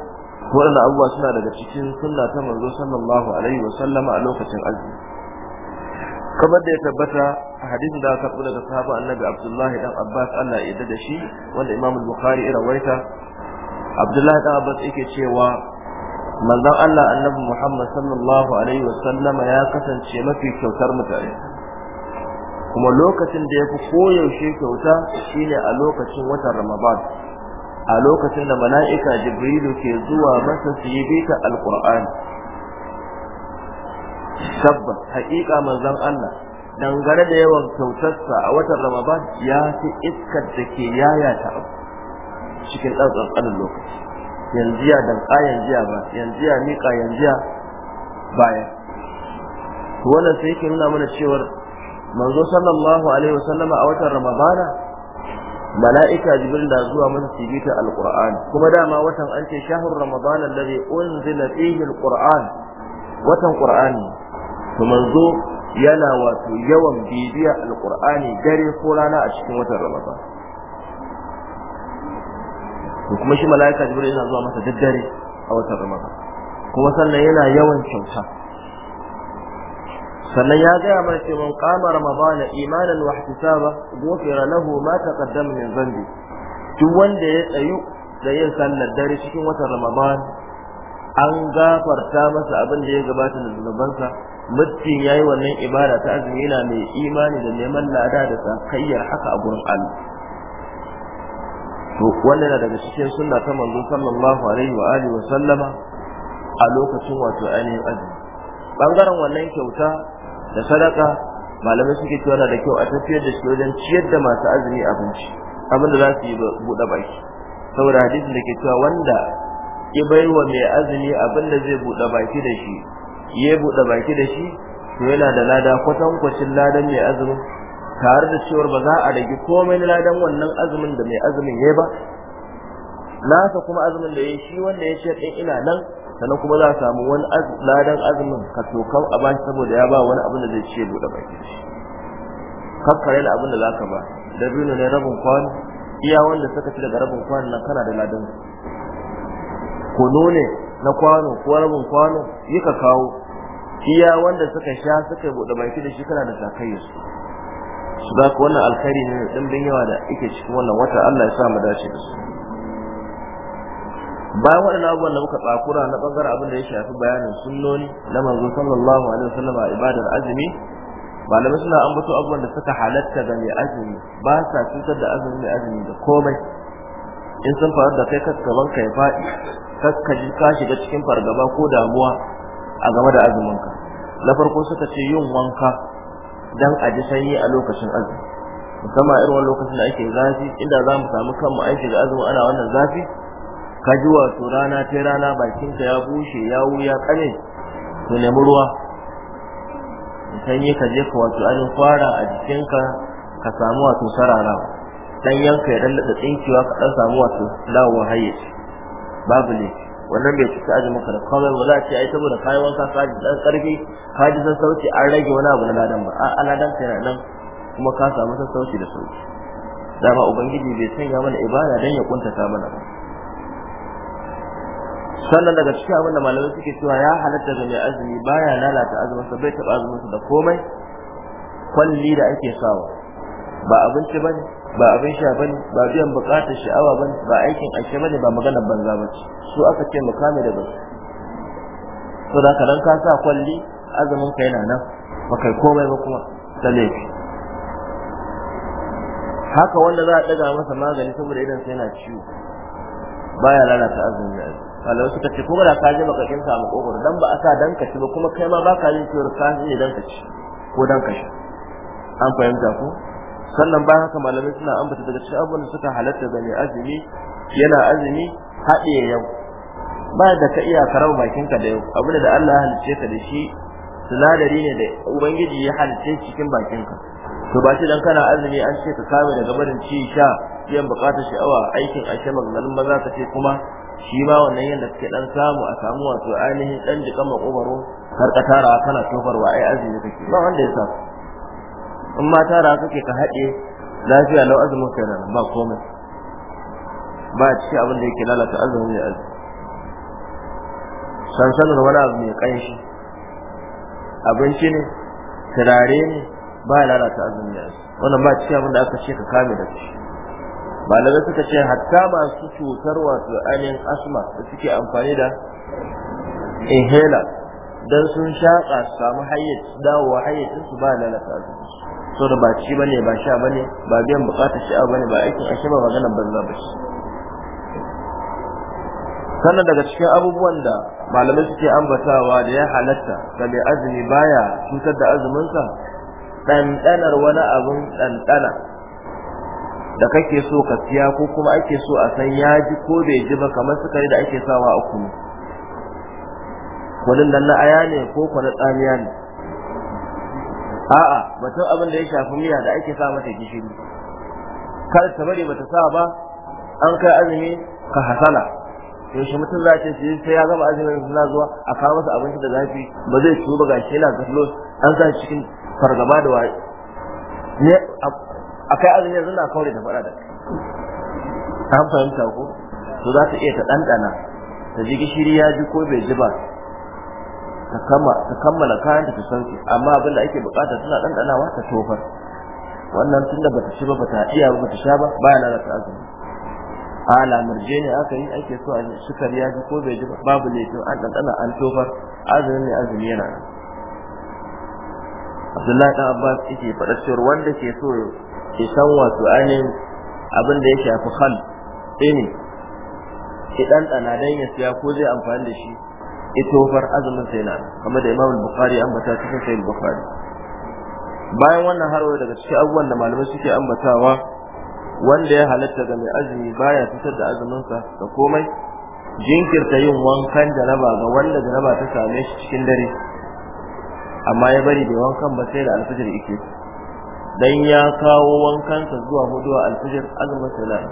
waɗannan abubuwa suna daga cikin sunna ta manzo sallallahu alaihi wasallam a lokacin azumi kamar da ya tabbata a hadisin da aka daga sahaba annabi abdullahi dan abbas Allah ya da shi wanda Imamul bukhari ya rawaita abdullahi dan abbas yake cewa manzon Allah annabi Muhammad sallallahu alaihi wasallama ya kasance mafi kyautar mutane kuma lokacin da yafi koyaushe kyauta shine a lokacin watan Ramadan a lokacin da mala'ika Jibrilu ke zuwa masa su yi bita alqur'ani sabba haƙiƙa manzon Allah dangane da yawan kyautarsa a watan Ramadan ya fi iskar da ke yayata cikin ɗan tsantsanin lokaci yanzu ya danka yanzu ya ba yanzu miƙa yanzu ya baya wannan sai yake nuna mana cewar manzo sallallahu alaihi wasallama a watan ramadana mala'ika jibril da zuwa masa tibita alquran kuma dama watan an ce shahrur ramadana alladhi unzila fihi alquran watan qur'ani to manzo yana wato yawan bibiya alqur'ani dare ko rana a cikin watan ramadana to kuma shi mala'ika jibril yana zuwa masa daddare a watan ramadan kuma sannan yana yawan kyauta sannan ya gaya mana cewa kama ramadana imanan wa ihtisaba ghufira lahu ma taqaddama min dhanbi duk wanda ya tsayu da yin sallar dare cikin watan ramadan an gafarta masa abin da ya gabata da zunubansa ya yayi wannan ibada ta azumi yana mai imani da neman lada da sakayyar haka a gurin Allah to wannan daga cikin sunna ta manzo sallallahu alaihi wa alihi wa sallama a lokacin wato ainihin azumi bangaren wannan kyauta da sadaka malamai suke cewa da kyau a tafiyar da shi wajen ciyar da masu azumi abinci abin za su yi buɗe baki saboda hadisin da ke cewa wanda ya bai wa mai azumi abin da zai buɗe baki da shi ya buɗe baki da shi to yana da lada kwatankwacin ladan mai azumi. tare da cewar ba za a rage komai na ladan wannan azumin da mai azumin ya ba nasa kuma azumin da ya shi wanda ya ce din ina nan sannan kuma za a samu wani ladan azumin ka tokan a bashi saboda ya ba wani abin da zai ce bude baki kakkare da abin da za ka ba dabino ne rabin kwano iya wanda suka ci daga rabin kwano nan kana da ladan kono ne na kwano ko rabin kwano yi ka kawo iya wanda suka sha suka buɗe baki da shi kana da sakayyar su su za ku wannan alkhairi ne da ɗimbin yawa da ake cikin wannan wata Allah ya sa mu dace da su bayan waɗannan abubuwan da muka tsakura na ɓangaren abin da ya shafi bayanin sunnoni na manzo sallallahu alaihi wasallam a ibadar azumi malamai suna ambato abubuwan da suka halatta ga mai azumi ba sa cutar da azumi mai azumi da komai in sun faru da kai kaskaban ya faɗi kaska ji ka shiga cikin fargaba ko damuwa a game da azuminka na farko suka ce yin wanka dan a ji sanyi a lokacin azumi musamman irin wannan lokacin da ake zafi inda za mu samu kanmu aiki da azumi ana wannan zafi ka ji wato rana ta rana bakinka ya bushe ya wuya kare to nemi ruwa sanyi ka je ka wato an fara a jikinka ka samu wato sarara dan yanka ya dalla da tsinkiwa ka dan samu wato dawowa hayyaci babu ne wannan bai ci azumin ka da kawai ba za a ai saboda kayan wanka ka ji dan karfi ka ji sassauci an rage wani abu na ladan ba a ladan ka yana nan kuma ka samu sassauci da sauki dama ubangiji bai san sanya mana ibada dan ya ta mana ba sannan daga cikin abin da malamai suke cewa ya halatta da mai azumi baya lalata azumin sa bai taba azumin sa da komai kwalli da ake sawa ba abinci bane ba abin sha bane ba biyan bukatar sha'awa bane ba aikin ake bane ba maganar banza bace su aka ce mu kame da basu to da kalan ka sa kwalli azumin ka yana nan ba kai komai ba kuma ta laifi haka wanda za a daga masa magani saboda idan sai yana ciwo baya lalata azumin da azumi kalau suka ce kuma da ka je baka kinka a makogoro dan ba a sa dan ka ci ba kuma kai ma baka yin ciwo ka ne dan ka ci ko dan ka sha an fahimta ko sannan bayan haka malamai suna ambata daga cikin abubuwan da suka halatta ga mai azumi yana azumi haɗiye yau ba da ka iya karau bakinka da yau abu da Allah ya halice ka da shi sinadari ne da ubangiji ya halice cikin bakinka to ba shi dan kana azumi an ce ka kame daga barin ci sha biyan bukatar sha'awa aikin ashe maganganun maza ka ce kuma shi ma wannan yadda kake dan samu a samu wato ainihin dan jikan makobaro har ka tara kana tofarwa ai azumi kake ba wanda ya samu in ma tara suke ka haɗe lafiya lau azumin kai rana ba komai ba a ciki abin da yake lalata azumin ya azumi sansanin wani abu mai ƙanshi abinci ne turare ne ba ya lalata azumin ya azumi wannan ba ciki abin da aka ce ka kame da shi malamai suka ce hatta masu cutar su ainihin asma da suke amfani da inhaler dan sun shaƙa su samu hayyacin dawowa hayyacin su ba lalata azumin so da ba ci bane ba sha bane ba biyan bukatar sha'a bane ba aikin ashe ba maganar banza ba shi sannan daga cikin abubuwan da malamai suke ambatawa da ya halatta da mai azumi baya cutar da azuminsa ɗanɗanar wani abin ɗanɗana da kake so ka siya ko kuma ake so a san ya ji ko bai ji ba kamar sukari da ake sawa a kunu kwanin nan na ne ko kwanin tsamiya ne a'a batun abin da ya shafi miya da ake sa mata gishiri kar ta bari bata sa ba an kai azumi ka hasala yaushe mutum za ce sai ya gama azumin suna zuwa a kawo masa abinci da zafi ba zai ciwo ba gashi yana gaslos an sa cikin fargaba da waye ne a kai azumi yanzu na kawai da faɗa da an fahimta ko to za ta iya ta ɗanɗana ta ji gishiri ya ji ko bai ji ba ta kama ta kammala kayan ta sauke amma abin da ake bukata tana dandanawa ta tofar wannan tun da bata ci ba bata iya ba bata sha ba ba baya lalata azumi ala murjeni aka yi ake so a sukar ya ji ko bai ji babu laifin an dandana an tofar azumin ne azumi yana Abdullahi dan Abbas yake faɗa cewa wanda ke so ke san wato ainihin abin da ya shafi khal ɗini ki ɗanɗana don ya siya ko zai amfani da shi ito far azumin sai na kamar da Imam Bukhari ambata cikin Sahih Bukhari bayan wannan harawa daga cikin abubuwan da malamai suke ambatawa wanda ya halatta ga mai azumi baya fitar da azumin sa da komai jinkirta yin wankan janaba ga wanda janaba ta same shi cikin dare amma ya bari bai wankan ba sai da alfajir yake dan ya kawo wankansa zuwa hudu alfajir azumin sai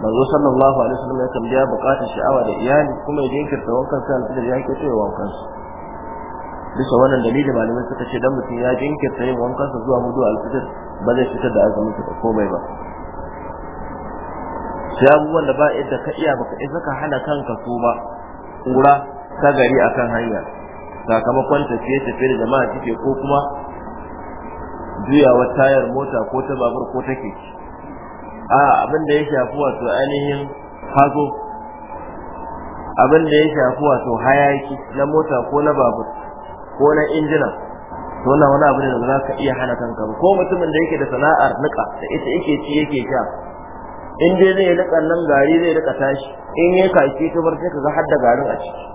manzo sallallahu alaihi wasallam ya tambaya bukatar sha'awa da iyali kuma ya jinkirta wankan sa alfijir ya ke cewa wankan sa bisa wannan dalili malamai suka ce dan mutum ya jinkirta yin wankan sa zuwa mudu alfijir ba zai fitar da azumin sa komai ba sai abubuwan da ba yadda ka iya baka isa ka hana kanka su ba kura ta gari akan hanya sakamakon tafiye-tafiye da jama'a cike ko kuma juyawa tayar mota ko ta babur ko ta keke abinda abin da ya shafi wato ainihin hazo abin da ya shafi wato hayaki na mota ko na babur ko na injina to wannan wani abu ne da za ka iya hana kanka ko mutumin da yake da sana'ar niƙa da ita yake ci yake sha in dai zai nika nan gari zai nika tashi in yi kaki ta bar sai ka ga hadda garin a ciki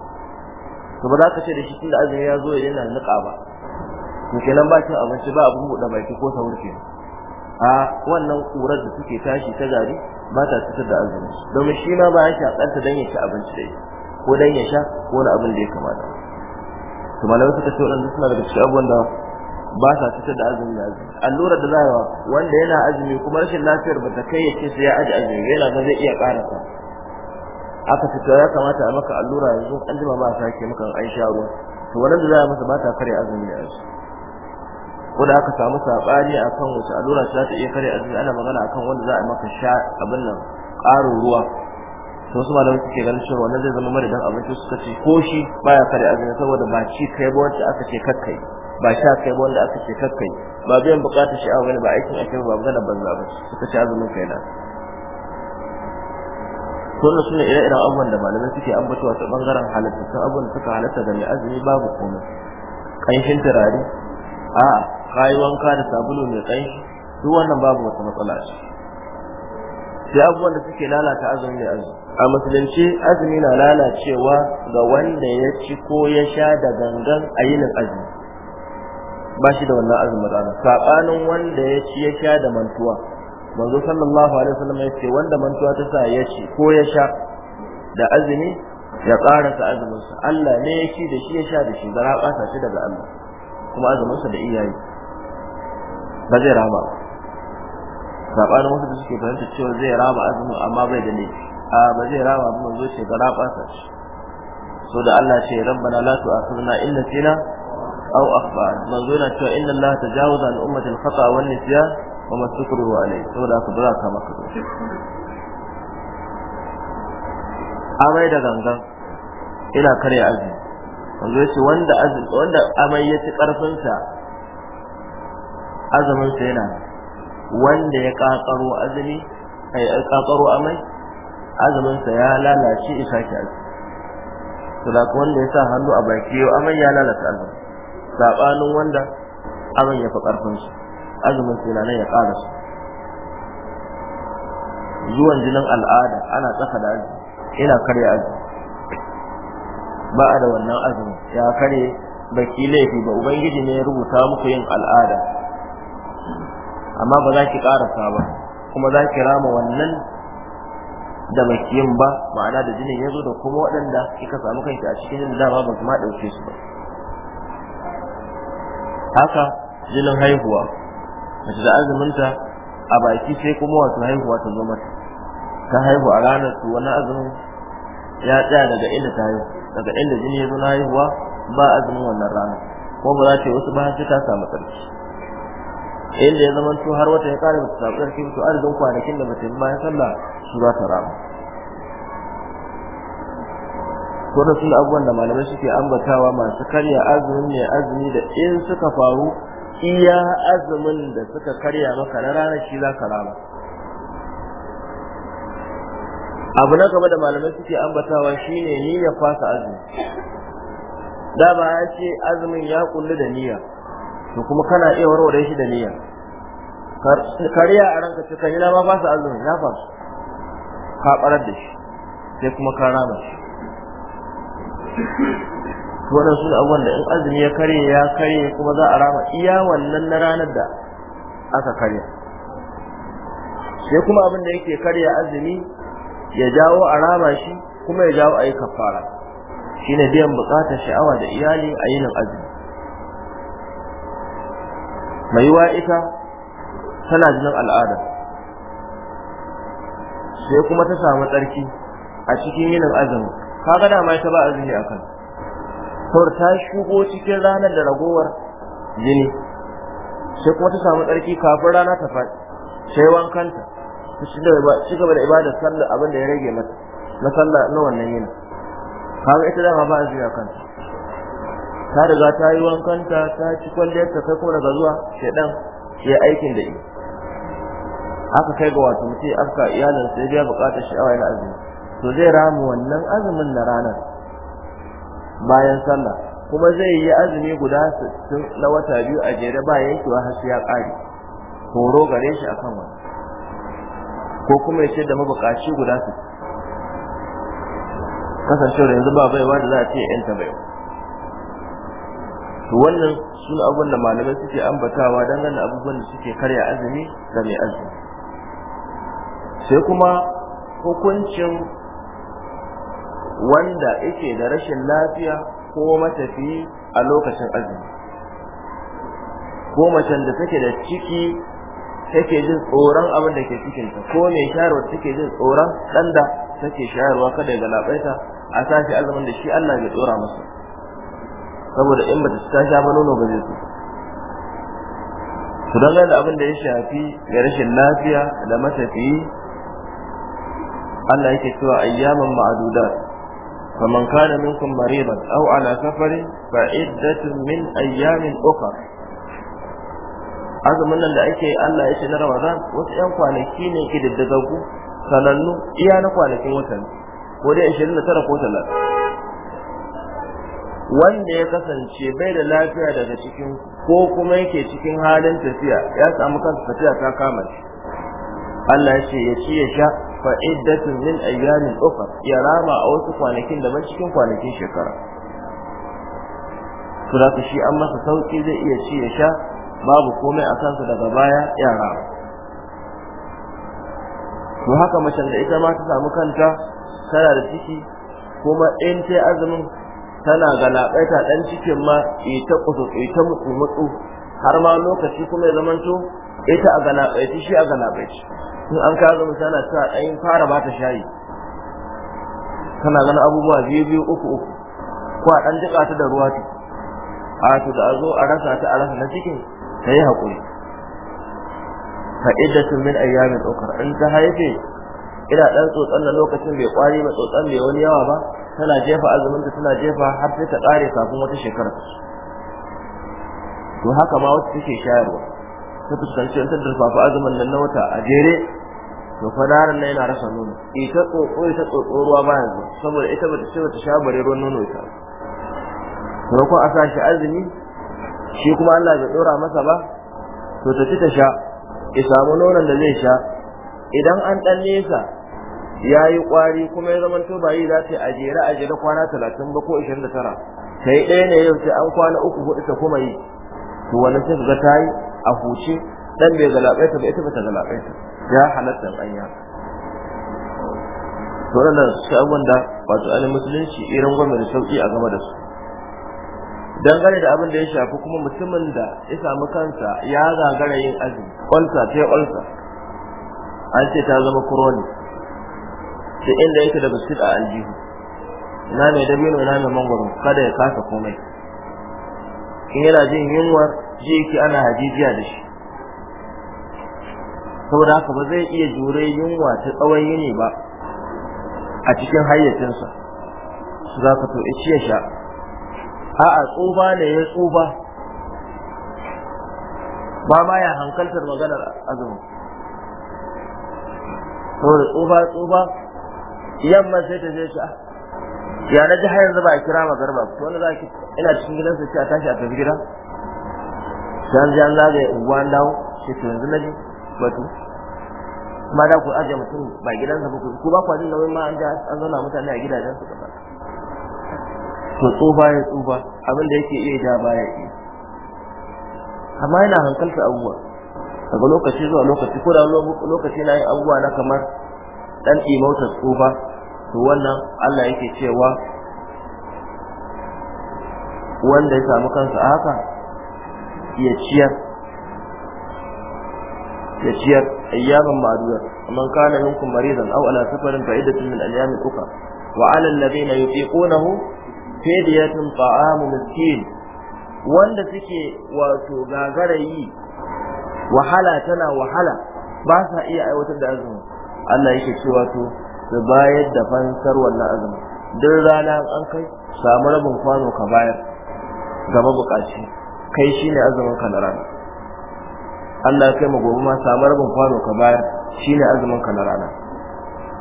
to ba za ka ce da shi tunda azumi ya zo ya daina niƙa ba to kenan ba cin abinci ba abin buɗe baki ko saurke a wannan kurar da suke tashi ta gari ba ta cutar da azumi domin shi ma ba ya shaƙarta don ya ci abinci da ko don ya sha ko wani abin da ya kamata to malamai suka ce waɗanda suna daga cikin abubuwan da ba sa cutar da azumi da azumi allurar da zawa wanda yana azumi kuma rashin lafiyar ba ta kai ya ce sai ya aji azumi yana ba zai iya ƙarasa aka fito ya kamata a maka allura yanzu an jima ba sake maka an sha ruwa to wannan da za a masa ba ta karya azumi da azumi ko da aka samu sabani akan wace allura za ta iya kare azumi ana magana akan wanda za a maka sha abin nan ƙarin ruwa to su malamai suke ganin cewa wannan zai zama maridan abinci suka ce ko shi baya kare azumi saboda ba ci kai ba wanda aka ce kakkai ba sha kai ba wanda aka ce kakkai ba biyan bukatar shi a wani ba aikin ake ba magana banza ba suka ce azumin kai na wannan sune ire-iren abubuwan da malamai suke ambatowa ta bangaren halatta sun abubuwan da suka halatta da mai azumi babu komai kanshin turare a'a kayi wanka da sabulu mai ƙanshi duk wannan babu wata matsala shi sai abubuwan da suke lalata azumi ne azumi a musulunci azumi na lalacewa ga wanda ya ci ko ya sha da gangan a yinin azumi ba shi da wannan azumin rana saɓanin wanda ya ci ya sha da mantuwa manzo sallallahu alaihi wasallam ya ce wanda mantuwa ta sa ya ci ko ya sha da azumi ya ƙarasa sa Allah ne ya ci da shi ya sha da shi zara ƙasa shi daga Allah kuma azuminsa da iyaye ba zai rama sabanin wasu da suke fahimta cewa zai raba azumin amma bai da laifi a ba zai raba ba zo ce ga raba sa so da Allah ce rabbana la tu'akhidna in nasina aw akhtana manzo na cewa inna Allah tajawaza an ummati al-khata wa nisyan wa ma sukru alayhi da ka bura ka maka amai da gangan ina karya azumi manzo ya ce wanda wanda amai ya ci karfin sa azumin sa yana wanda ya kakaro azumi eh, ai kakaro amai azumin sa ya lalace ya sake azumi to da wanda ya sa hannu a baki yau amai ya lalace azumi sabanin wanda abin ya fi karfin shi azumin sa nan ya ƙara su zuwan jinin al'ada ana tsaka da azumi ina karya azumi ba a da wannan azumi ya kare baki laifi ba ubangiji ne ya rubuta muku yin al'ada amma ba za ki karasa ba kuma za ki rama wannan da makiyin ba ma'ana da jinin ya zo da kuma waɗanda kika samu kanki a cikin jinin dama ba kuma ɗauke su ba haka jinin haihuwa mace da azuminta a baki sai kuma wato haihuwa ta zo mata ta haihu a ranar su wani azumin ya tsaya daga inda ta haihu daga inda jini ya zo na haihuwa ba azumin wannan ranar ko ba za ta yi wasu ba ta samu tsarki inda ya zama to har wata ya kare musu sabu kin to adadin kwanakin da mutum bayan sallah su za ta rama da sun abubuwan da malamai suke ambatawa masu karya azumin ne azumi da in suka faru iya azumin da suka karya maka na ranar shi za ka rama abu na gaba da malamai suke ambatawa shine niyyar fasa azumi da ba ya ce azumin ya kullu da niyya to kuma kana iya warware shi da niyya kariya a ranka ce kai na ba su azumi na fa ka barar da shi sai kuma ka rama shi wannan su abubuwan da in azumi ya kare ya kare kuma za a rama iya wannan na ranar da aka karya sai kuma abin da yake karya azumi ya jawo a rama shi kuma ya jawo a yi kafara shine biyan bukatar sha'awa da iyali a yinin azumi mai wa ita tana jinin al'ada sai kuma ta samu tsarki a cikin yinin azumi Ka ga dama ta ba azumi akan saboda ta shigo cikin ranar da ragowar jini sai kuma ta samu tsarki kafin rana ta faɗi sai wankanta ta ci gaba da ibada sallah abin da ya rage mata na sallah na wannan yinin ga ita dama ba azumi akan ta riga ta yi wankanta ta ci kwalliyar ta kai kuma daga zuwa shaidan ya aikin da ita aka kai ga wato mutum afka iyalin sai biya bukatar sha'awa na azumi to zai ramu wannan azumin na ranar bayan sallah kuma zai yi azumi guda sittin na wata biyu a jere ba yankewa har sai ya kare horo gare shi akan wannan ko kuma ya ce da mabukaci guda sittin? kasancewar yanzu ba baiwa da za a ce yanta baiwa to wannan sun abun da malamai suke ambatawa nan abubuwan da suke karya azumi da mai azumi sai kuma hukuncin wanda yake da rashin lafiya ko matafi a lokacin azumi ko macen da take da ciki take jin tsoron abin da ke cikinta ko mai shayarwa take jin tsoron dan da take shayarwa kada ya galabaita a sashi azumin da shi Allah ya tsora masa saboda in ba ta sha ba nono ba zai su su dangane da abin da ya shafi ga rashin lafiya da matafiyi Allah yake cewa ayyaman ma'adudat faman kana minkum mariban aw ala safarin fa iddatu min ayyamin ukhra azumin nan da ake Allah ya ce na Ramadan wasu 'yan kwanaki ne ke da diddigaggu sanannu iya na kwanakin watan ko dai 29 ko 30 wanda ya kasance bai da lafiya daga cikin ko kuma yake cikin halin tafiya ya samu kansa tafiya ta kama shi Allah ya ce ya ci ya sha fa iddatu min ayyamin ukhra ya rama a wasu kwanakin daban cikin kwanakin shekara to shi an masa sauki zai iya ci ya sha babu komai a kansa daga baya ya rama to haka macen da ita ma ta samu kanta tana da ciki kuma in ta azumin tana galabaita dan cikin ma ita kusa ita muku mutsu har ma lokaci kuma ya zamanto ita a ita shi a galabaici in an kawo zama tana ta ɗayin fara ba ta shayi tana ganin abubuwa biyu biyu uku uku ko a ɗan jika ta da ruwa ta a su da a zo a rasa ta a rasa na cikin ta yi fa fa'idatun min ayyamin ukar in ta haife ina ɗan tsotsan na lokacin bai kwari ba tsotsan bai wani yawa ba tana jefa azuminta tana jefa har sai ta ƙare kafin wata shekara to haka ma wata take shayarwa ta fuskanci wata durfafa azumin nan na wata a jere to fa yaron nan yana rasa nono ita tsotso ita tsotso ruwa ba yanzu saboda ita bata ce bata sha bare ruwan nono ita ko a sashi azumi shi kuma Allah bai dora masa ba to ta ci ta sha ya samu nonon da zai sha idan an dan nesa ya yi kwari kuma ya zamanto ba yi za ta a jere kwana talatin ba ko 29 da tara ta yi ɗaya ne yau an kwana uku hudu ta kuma yi to wannan sai ga tayi a huce dan bai galaɓe ta ba ita ba ta galaɓe ta ya halatta anya to wannan sabon da wato alin musulunci irin gwamnati da sauki a game da su dangane da abin da ya shafi kuma mutumin da ya samu kansa ya gagarayin yin azumi ƙwalsa ta yi an ce ta zama kuroni da inda yake da biskit a aljihu ina mai dabino ina mai mangwaro kada ya kasa komai in yana jin yunwar ji yake ana hajijiya da shi saboda haka ba zai iya jure yunwa ta tsawon yini ba a cikin hayyacinsa su za ka to ici ya sha a'a tsufa ne ya tsufa ba ma ya hankaltar maganar azumin saboda tsufa tsufa yamma sai ta je ta ah, ya na ji har yanzu ba a kira garba ko wani za ki ina cikin gidansa sai a tashi a tafi gida sai an ji an zagaye an dawo sai to yanzu na ji batu kuma da ku ajiye mutum ba gidansa ba ku ba ku ajin nauyin ma an ji an zauna mutane a gidajensu gaba to tsufa ya tsufa abin da yake iya ja baya iya amma yana hankalta abubuwa daga lokaci zuwa lokaci ko da lokaci na yi abubuwa na kamar dan ɗimautar tsufa to wannan Allah yake cewa wanda ya samu kansa a haka ya ciyar ya ciyar ayyaman ma'adudar man kana minkum maridan aw ala safarin fa iddatun min ayyamin ukhra wa 'ala alladhina yutiqunahu fidyatun ta'amu miskin wanda suke wato gagarayi wahala tana wahala ba sa iya aiwatar da azumi Allah yake cewa to su bayar da fansar wannan azumi duk rana an kai samu rabin kwano ka bayar ga mabukaci kai shine azumin ka na rana Allah kai mu gobe ma samu rabin kwano ka bayar shine azumin ka na rana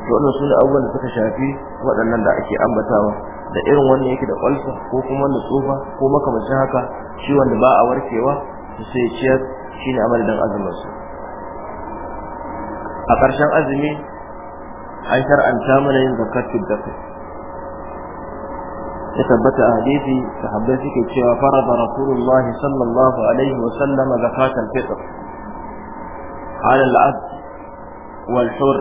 to wannan sunan abubuwan da suka shafi waɗannan da ake ambatawa da irin wannan yake da kwalsa ko kuma wanda tsufa ko makamancin haka ciwon da ba a warkewa sai ciyar shine amadadin azumin su a ƙarshen azumi an shar'anta mana yin zakatun dafi ya tabbata a hadisi sahabbai suke cewa farada rasulullahi sallallahu alaihi wa sallam zakatul fitr ala al-abd wal hurr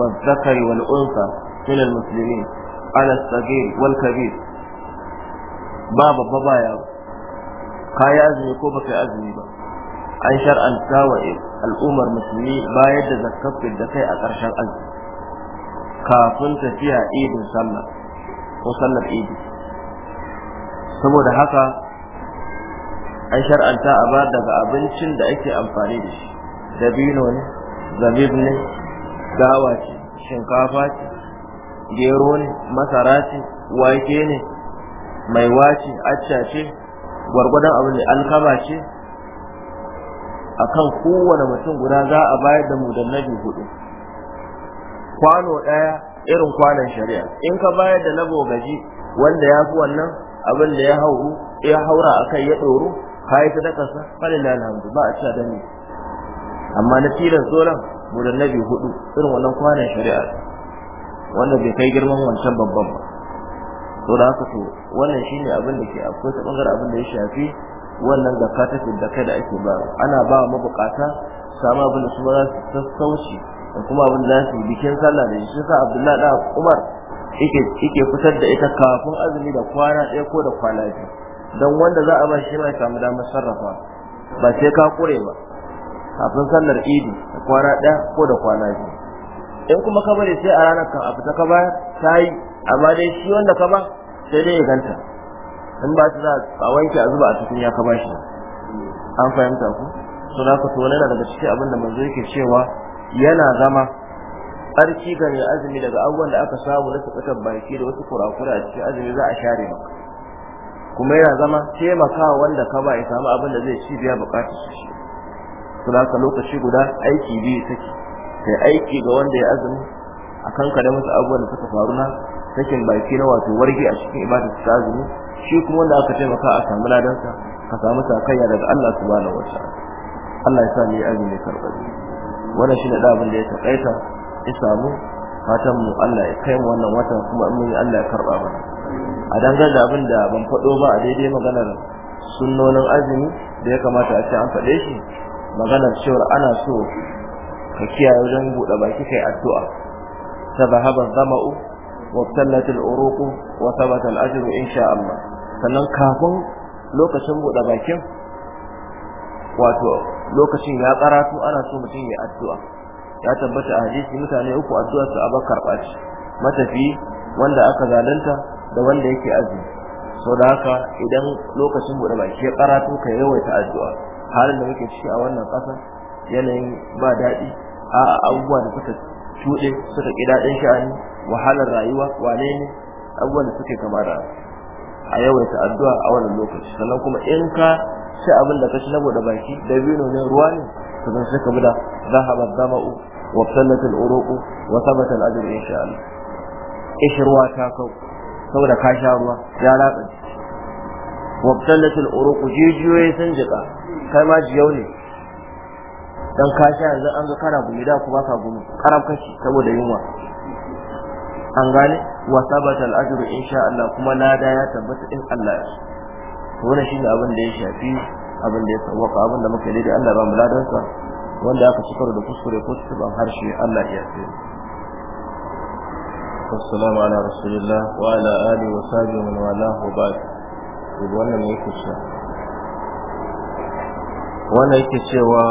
wal zakari wal unsa min al-muslimin ala as-sagir wal kabir ba babba ba yaro kai azumi ko baka azumi ba an shar'anta wa al'ummar musulmi bayar da zakkafin da kai a ƙarshen azumi kafin tafiya idin sallah ko sallar idi saboda haka an shar'anta a ba daga abincin da ake amfani da shi dabino ne zabib ne gawa ce shinkafa ce gero ne masara ce wake ne mai wace acca ce gwargwadon abu ne alkama ce akan kowane mutum guda za a bayar da mu da nabi hudu kwano ɗaya irin kwanon shari'a in ka bayar da nabo gaji wanda ya fi wannan abin da ya hauru ya haura kai ya ɗoro yi ta dakasa falila lalhamdu ba a cewa da ne amma na mu da nabi hudu irin wannan kwanon shari'a wanda bai kai girman wancan babban ba to da haka to wannan shine abin da ke akwai ta bangar abin da ya shafi wannan zakka ta da kai da ake ba ana ba mabukata samu abin da su ba za su sassauci da kuma abin da za su bikin sallah da shi sa abdullahi da umar yake fitar da ita kafin azumi da kwana ɗaya ko da kwana biyu don wanda za a ba shi mai samu damar sarrafa ba sai ka kure ba kafin sallar idi da kwana ɗaya ko da kwana biyu in kuma ka bari sai a ranar kan a fita ka ba ta yi amma dai shi wanda ka ba sai dai ya ganta in ba su za a wanke a zuba a cikin ya kama shi an fahimta ku so na ka tona daga cikin abin da manzo yake cewa yana zama tsarki ga mai azumi daga abubuwan da aka samu na tsakatar baki da wasu kurakura a cikin azumi za a share maka kuma yana zama taimakawa wanda ka ba ya samu abin da zai ci biya su shi su da lokaci guda aiki biyu take sai aiki ga wanda ya azumi a kanka da masu abubuwan da suka faru na sakin baki na wato wargi a cikin ibadar ta azumi shi kuma wanda aka taimaka a samu ladansa ka samu sakayya daga Allah subhanahu wataala Allah ya sa ni azumi karbabi wannan shi da abin da ya takaita ya samu fatan mu Allah ya kai mu wannan watan kuma mun Allah ya karba mana a dangane da abin da ban faɗo ba a daidai maganar sunnonin azumi da ya kamata a ce an faɗe shi maganar cewa ana so ka kiyaye wajen buɗe baki kai addu'a ta zahaba zama'u wa tallatil Oroku, wa thabata al Insha'Allah. sannan kafin lokacin buɗe bakin wato lokacin ya karatu ana so mutum ya addu'a ya tabbata a hadisi mutane uku addu'a su aba karɓa matafi wanda aka zalunta da wanda yake azumi sau da haka idan lokacin buɗe baki ya karatu ka yawaita addu'a halin da muke ciki a wannan ƙasa yanayin ba daɗi a abubuwa da suka cuɗe suka ƙi daɗin sha'ani wahalar rayuwa wane ne abubuwan da suke kama da a yawaita addu'a a wannan lokaci sannan kuma in ka ci abin da ka ci na bude baki da bino ne ruwa ne to sai ka bi da zahaba zama'u wa sallat al-uruqu wa sabata al-ajr insha Allah ruwa ta kau saboda ka sha ruwa ya latsa wa sallat al-uruqu jijiyoyi sun jika kai ma jiyau ne dan ka sha yanzu an ga kana gumi da kuma ka gumi karab kashi saboda yunwa an gane wa sabata al-ajru insha Allah kuma lada ya tabbata in Allah ya so wannan shine abin da ya shafi abin da ya sawaka abin da muka daidai Allah ba mu ladan sa wanda aka cikar da kuskure ko tsiban harshe Allah ya so assalamu ala rasulillah wa ala alihi wa sahbihi wa wala wa ba'd wannan ne yake cewa wannan yake cewa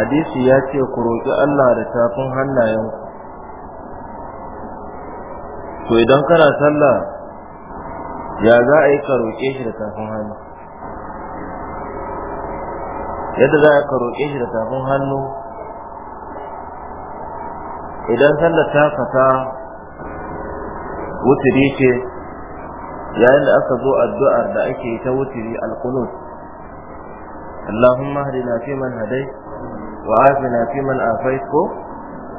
hadisi ya ce ku roƙi Allah da tafin hannayenku to idan kana sallah ya za a yi ka roƙe shi da tafin hannu yadda za a ka roƙe shi da tafin hannu idan sallah ta fata wuturi ce yayin da aka zo addu'ar da ake yi ta wuturi alkulus? Allahumma alqunut اللهم اهدنا فيمن هديت وعافنا فيمن عافيت ko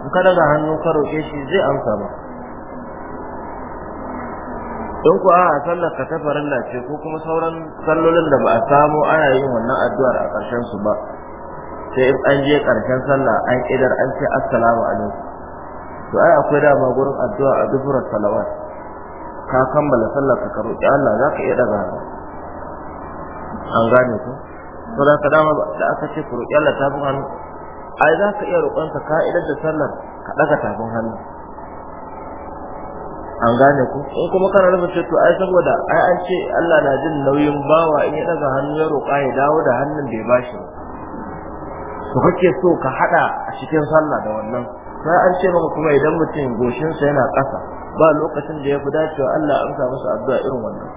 in ka daga hannu ka roƙe shi zai amsa ba in ku a sallar ka ta ce ko kuma sauran sallolin da ba a samu ana yin wannan addu'ar a ƙarshen su ba sai in an je ƙarshen sallah an idar an ce assalamu alaikum to ai akwai dama gurin addu'a a dubura salawat ka kammala sallar ka roƙi Allah za ka iya daga an gane ku to da ka dama da aka ce ku roƙi Allah tafin hannu ai za ka iya roƙonsa ka idar da sallar ka ɗaga tafin hannu an gane ku in kuma kana nufin cewa ai saboda ai an ce Allah na jin nauyin bawa in ya daga hannu ya roƙa ya dawo da hannun da ya bashi to kake so ka hada a cikin sallah da wannan sai an ce maka kuma idan mutum goshin sa yana ƙasa ba lokacin da ya fi dacewa Allah an sa masa addu'a irin wannan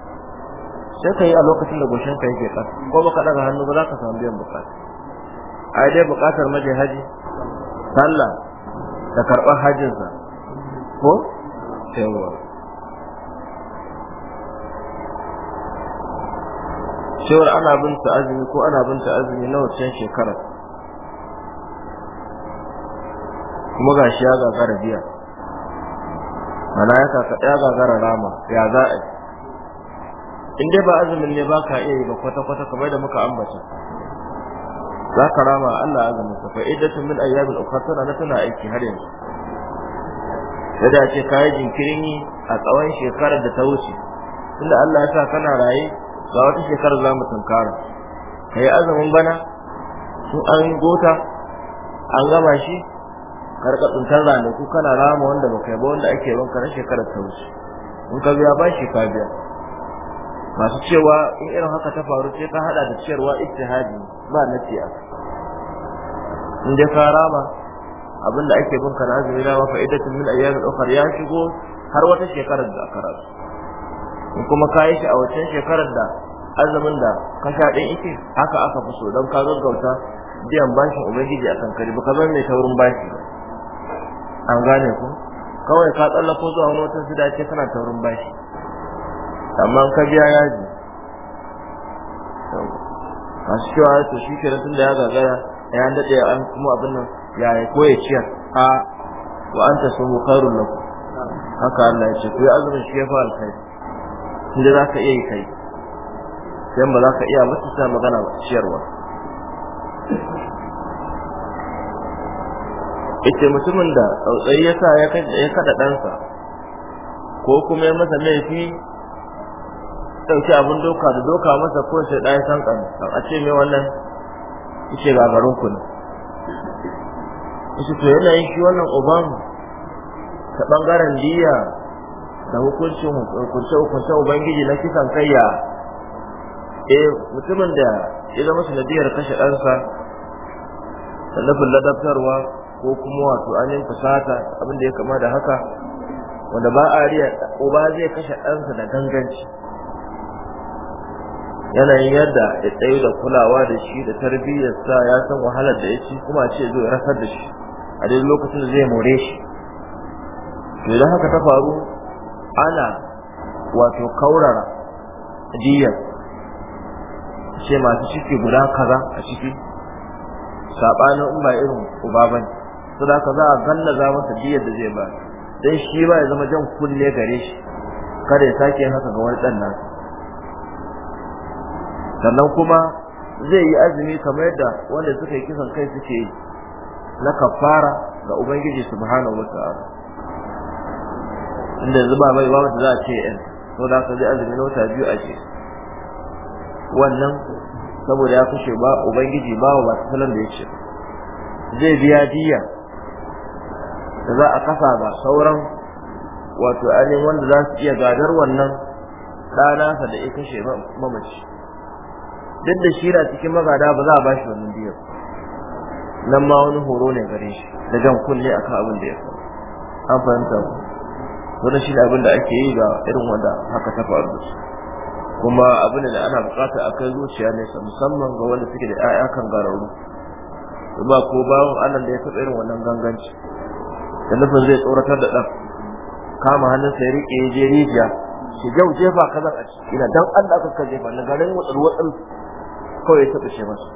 sai ka yi a lokacin da goshin ka yake ƙasa ko baka daga hannu ba za ka samu biyan bukata ai dai bukatar maje haji sallah da karɓar hajjinsa ko yawa cewar ana bin ta azumi ko ana bin ta azumi na wancan shekarar kuma ga shi ya gagara biya mana ya kaka ya gagara rama ya za a in dai ba azumin ne ba ka iya yi ba kwata-kwata kamar da muka ambata za ka rama Allah azumin sa fa iddatu min ayyamin ukhra tana tana aiki har yanzu ya dace ka yi jinkirin yi a tsawon shekarar da ta wuce inda Allah ya sa kana raye ga wata shekarar za mu tunkara ka yi azumin bana su an gota an gama shi karka tsuntar ranaku kana rama wanda ba kai ba wanda ake banka na shekarar ta wuce in ka biya ba shi ka biya masu cewa in irin haka ta faru sai ka hada da ciyarwa ijtihadi ba na tiya in dai ka rama abinda ake bin ka na azumi na fa'idatun min ayyamin ukhra ya shigo har wata shekarar da aka rasu in kuma ka yi shi a wancan shekarar da azumin da ka sha ɗin ike haka aka fi so don ka gaggauta biyan bashin ubangiji a kan kari baka zama mai taurin bashi an gane ku kawai ka tsallako zuwa wani wata su dace kana taurin bashi amma ka biya yaji a cewa to shi kenan tun da ya gagara ya daɗe an kuma abin nan yaya ko ya ciyar a wa anta sumu khairul lakum haka Allah ya ce ku azumin shi ya fa kai, inda za ka iya yi kai sai ba za ka iya ba ta magana ba ciyarwa ita mutumin da tsautsayi ya sa ya kada ɗansa ko kuma ya masa laifi ɗauki abin doka da doka masa ko sai ɗaya san kan a ce mai wannan yake gagarin ku ne yace to yin shi wannan uban ta bangaren diya da hukuncin hukunce hukunce ubangiji na kisan ya. eh mutumin da ya zama sanadiyar kashe ɗansa da nufin ladabtarwa ko kuma wato ainihin fusata abin da ya kama da haka wanda ba a riya uba zai kashe ɗansa da ganganci yanayin yadda ya tsayo da kulawa da shi da tarbiyyarsa ya san wahalar da ya ci kuma ce zo ya rasar da shi a daidai lokacin da zai more shi to idan haka ta faru ana wato kaurara diyar ce masu ciki guda kaza a ciki saɓanin in ba irin uba bane saboda za a za masa diyar da zai ba dan shi ba ya zama jan kulle gare shi kada ya sake haka ga wani ɗan nan sannan kuma zai yi azumi kamar yadda wanda suka yi kisan kai suke yi na kafara ga ubangiji subhanahu wa ta'ala inda zuba bai ba wanda za a ce yan so da ka ji azumi na wata biyu a ce wannan saboda ya kushe ba ubangiji ba wa masu salon da ya ce zai biya diya da za a kasa ga sauran wato ainihin wanda za su iya gadar wannan ɗanasa da ya kashe mamaci duk da shi na cikin magada ba za a ba shi wannan biyar nan ma wani horo ne gare shi da jan kunne kan abin da ya faru an fahimta ku Wani shi ne abin da ake yi ga irin wanda haka ta faru da su kuma abin da ana bukata a kai zuciya nesa musamman ga wanda suke da 'ya'ya kan gararu kuma ko bawon anan da ya taɓa irin wannan ganganci da nufin zai tsoratar da ɗan kama hannun ya riƙe ya je rijiya shi jau jefa kazan a ciki ina dan allah ka jefa na garin watsar watsar kawai ya taɓa shi masa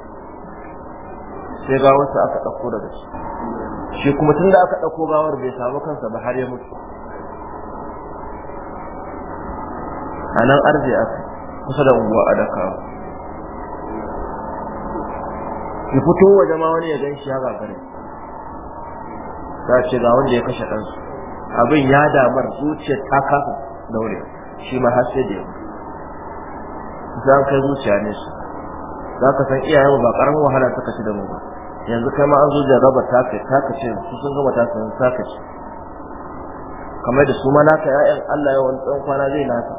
sai gawarsa aka ɗauko daga shi shi kuma tun da aka ɗauko gawar bai samu kansa ba har ya mutu a nan arzi aka kusa da unguwa a daka ya fito wa ma wani ya gan shi ya gagare ta ce ga wanda ya kashe ɗansu abin ya damar zuciyar ta kasa daure shi ma har sai da yau za kai zuciya ne su za ka san iyayen ba ƙaramin wahala suka ci da mu ba yanzu kai ma an zo jarraba ta taka ta ce su sun gama ta sun taka ce kamar da su ma naka ya'yan Allah ya wani tsawon kwana zai naka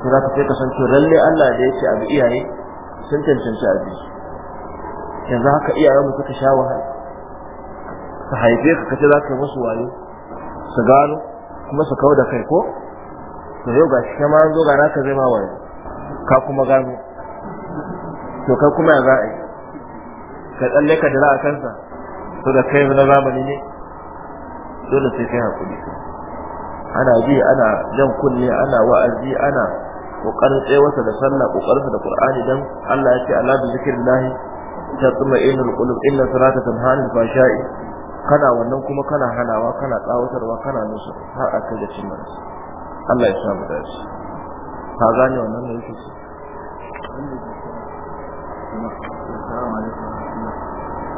sai za ka sai kasance lalle Allah da yake abu iyaye sun cancanci abu yanzu haka iyayen mu suka sha wahala su haife ka kace za ka yi musu wayo su gano kuma su kawo da kai ko to yau ga shi ma an zo ga naka zai ma wayo ka kuma gano to kai kuma ya za a yi ka tsalle ka dira a kansa to da kai na zamani ne dole sai kai hakuri ana ji ana jan kunne ana wa'azi ana kokarin tsayawarsa da sallah kokarinsa da qur'ani dan Allah ya ce ala bi zikrillahi tatma'innul qulub inna salata tanha anil kana wannan kuma kana hanawa kana tsawatarwa kana musu har a kai da cin Allah ya da shi. ka gane wannan ne yake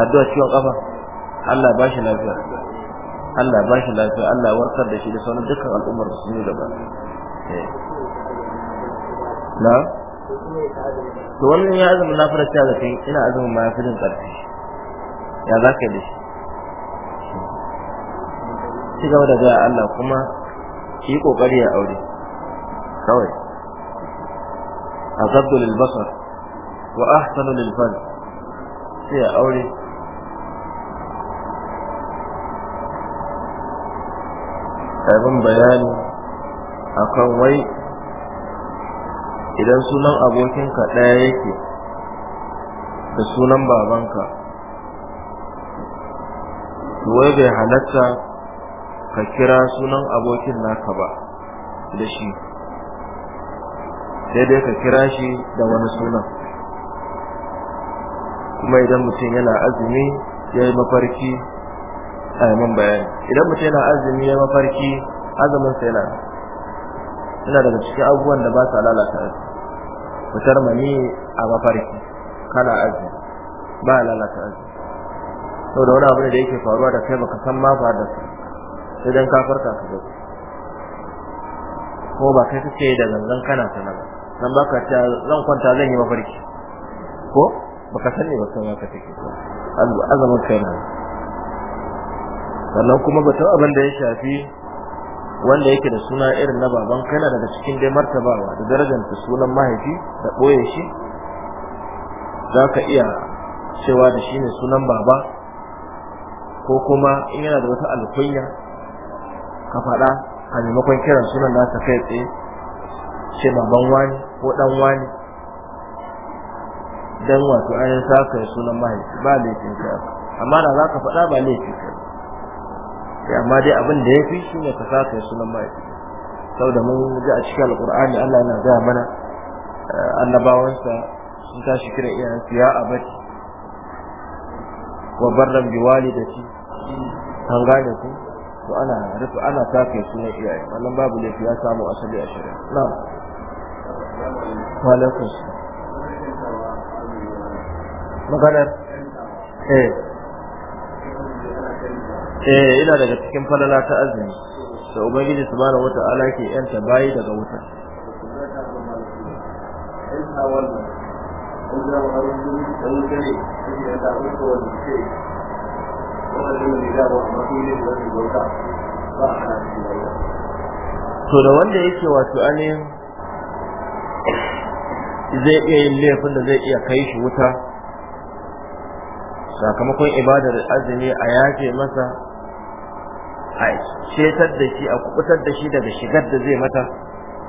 addu'a ciwon kafa Allah bashi lafiya Allah bashi lafiya Allah warkar da shi da sauran dukkan al'ummar musulmi gaba eh. na to wannan ya azumi na fara cewa kai ina azumin ma yafi jin karfi ya za ka yi da shi ci gaba da gaya Allah kuma yi kokari ya aure kawai azabdu lil basar wa ahsanu lil fadl sai ya aure a bayani akan wai idan sunan abokinka ɗaya yake da sunan babanka to wai bai halatta ka kira sunan abokin naka ba da shi sai ka kira shi da wani sunan kuma idan mutum yana azumi ya yi mafarki a yaman bayani idan mutum yana azumi ya mafarki azumin sa yana yana daga cikin abubuwan da ba sa lalata azumi fitar mani a mafarki kana azumi ba lalata azumi da wani abu ne da yake faruwa da kai baka san ma ba da sai dan ka farka ka ga ko ba kai kake da zanzan kana sanar nan baka ta zan kwanta zan yi mafarki ko baka sani ba sai ka take azumin kai na sannan kuma batun abin da ya shafi wanda yake da suna irin na baban kana daga cikin dai martabawa da darajanta sunan mahaifi da ɓoye shi za ka iya cewa da shi ne sunan baba ko kuma in yana da wata alkunya ka faɗa a maimakon kiran sunan nasa kai tsaye ce baban wani ko ɗan wani dan wato ayin sa kai sunan mahaifi ba laifin ka amma da za ka faɗa ba laifin ka sai amma dai abin da yafi shine ka saka sunan mahaifi saboda mun ji a cikin alqur'ani Allah yana ga mana eh, annabawansa sun tashi kira iyayensu ya abati wa barran bi walidati an gane ku to ana rufe ana saka sunan iyaye wannan babu ne ya samu asali a shari'a na'am wa alaikum maganar eh eh ina daga cikin falala ta azumi da ubangiji subhanahu wata'ala ke yanta bayi daga wuta to da wanda yake wato anin zai iya yin laifin da zai iya kai shi wuta sakamakon ibadar azumi a yaje masa a cetar da shi a kubutar da shi daga shigar da zai mata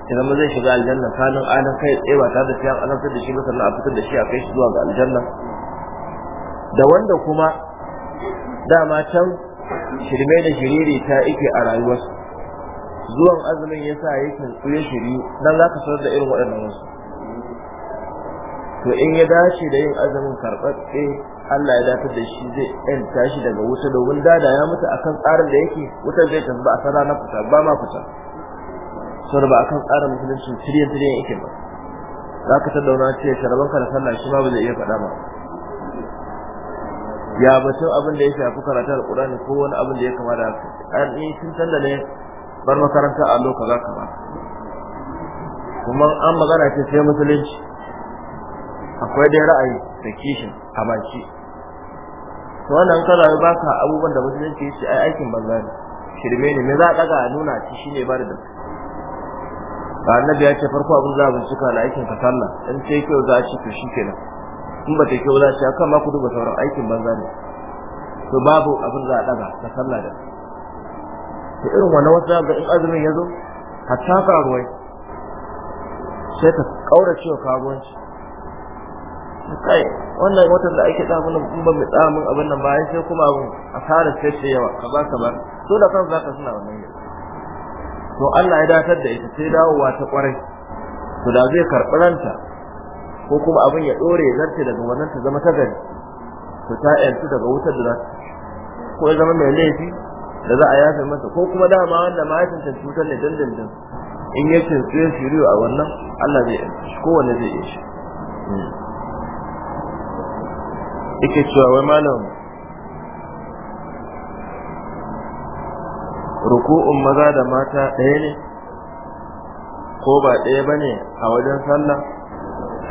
ya zai shiga aljanna kanin anan kai tsaye ba tare da sai an alamtar da shi ba sannan a fitar da shi a kai shi zuwa ga aljanna da wanda kuma dama can shirme da shiriri ta ike a rayuwarsa zuwan azumin yasa yake tsuye shiri dan za ka sanar da irin waɗannan wasu to in ya dace da yin azumin karɓaɓɓe Allah ya datar da shi zai ɗan tashi daga wuta domin dada ya mutu akan tsarin da yake wutar zai tafi ba a sana na fita ba ma fita Sai ba akan tsarin musulunci tiriyan tiriyan yake ba za ka tattauna ce sharaban ka da sallah shi ma ba zai iya faɗa ba ya batun abin da ya shafi karatun alƙur'ani ko wani abin da ya kama da haka an yi sun canza ne bar makaranta a lokacin za ka ba kuma an magana ce sai musulunci akwai dai ra'ayi da kishin a baki to wannan kana ba ka abubuwan da musulunci yace ai aikin banza ne shirme ne me za a daga nuna shi shine ba da ba annabi ya ce farko abin za a bincika na aikin ka sallah in sai kyau za shi to shi kenan, in ba ta kyau za shi, akan ma ku duba sauran aikin banza ne to babu abin za a daga ka sallah da to irin wannan wata ga in azumin ya zo hatta ka ruwai sai ka cewa wa karuwanci kai wannan motar da ake da mun in ban mu mun abin nan bayan sai kuma abin a fara ce yawa ka ba ka ba to da kan zaka suna wannan yau to Allah ya datar da ita sai dawowa ta kwarai to da zai karɓi ranta ko kuma abin ya dore ya zarce daga wannan ta zama ta gari to ta yanzu daga wutar da za ko ya zama mai laifi da za a yafe masa ko kuma dama wanda mahaifinta cutar ne dandandin in ya ce su ya shiru a wannan Allah zai ko kowanne zai yi shi hmm. yake cewa wai malam ruku'un maza da mata ɗaya ne ko ba ɗaya ba ne a wajen sallah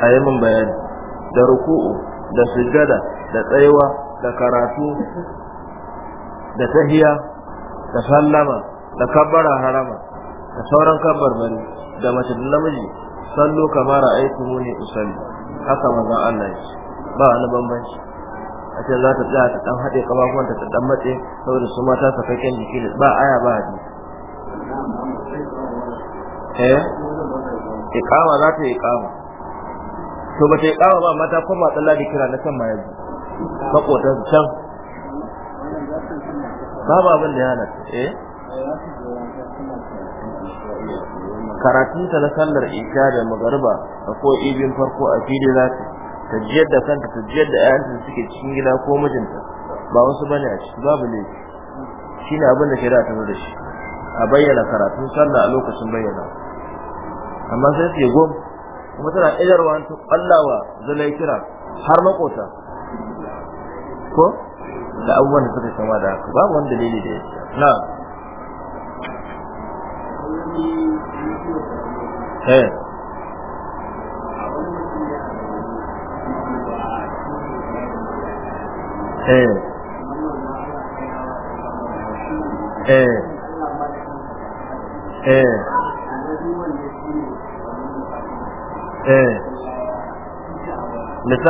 a yi min bayani da ruku'u da sujjada da tsayuwa da karatu da tahiya da sallama da kabbara harama da sauran kabbar bari da mace da namiji sallo kamar a aikin muni usali, haka maza Allah ya ba wani bambanci a ce za ta tsaya ta dan haɗe kafafuwanta ta dan matse saboda su mata kan jiki ba aya ba haɗi eh iqama za ta yi iqama to ba ta yi ba mata ko ma tsalla da kira na kan ma yanzu makotan can Ba abin da ya halatta eh karatun ta na sallar isha da magariba a ko ibin farko a fili za ta tajiyar da kanta tajiyar da ƴaƴanta suke cikin gida ko mijinta ba wasu bane a cikin babu ne abin da shari'a ta zo da shi a bayyana karatun sallah a lokacin bayyana amma sai ta gom kuma tana idarwa ta kallawa zalai kira har makota ko da abubuwan da suka sama da haka babu wani dalili da ce na eh eh, eh. eh. ne a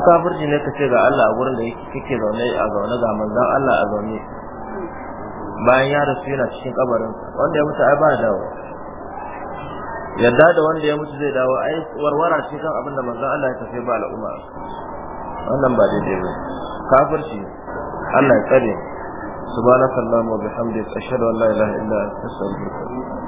kafirci ne ka ce ga Allah a gurin da kake zaune a zaune ga manzon Allah a zaune bayan ya rasu yana cikin kabarin wanda ya mutu ai ba dawo yadda da wanda ya mutu zai dawo ai warwara ce kan abin da manzon Allah ya tafi ba al'umma wannan ba daidai ba kafirci Allah ya tsare subhanallahi wa bihamdihi ashhadu an la ilaha illa anta astaghfiruka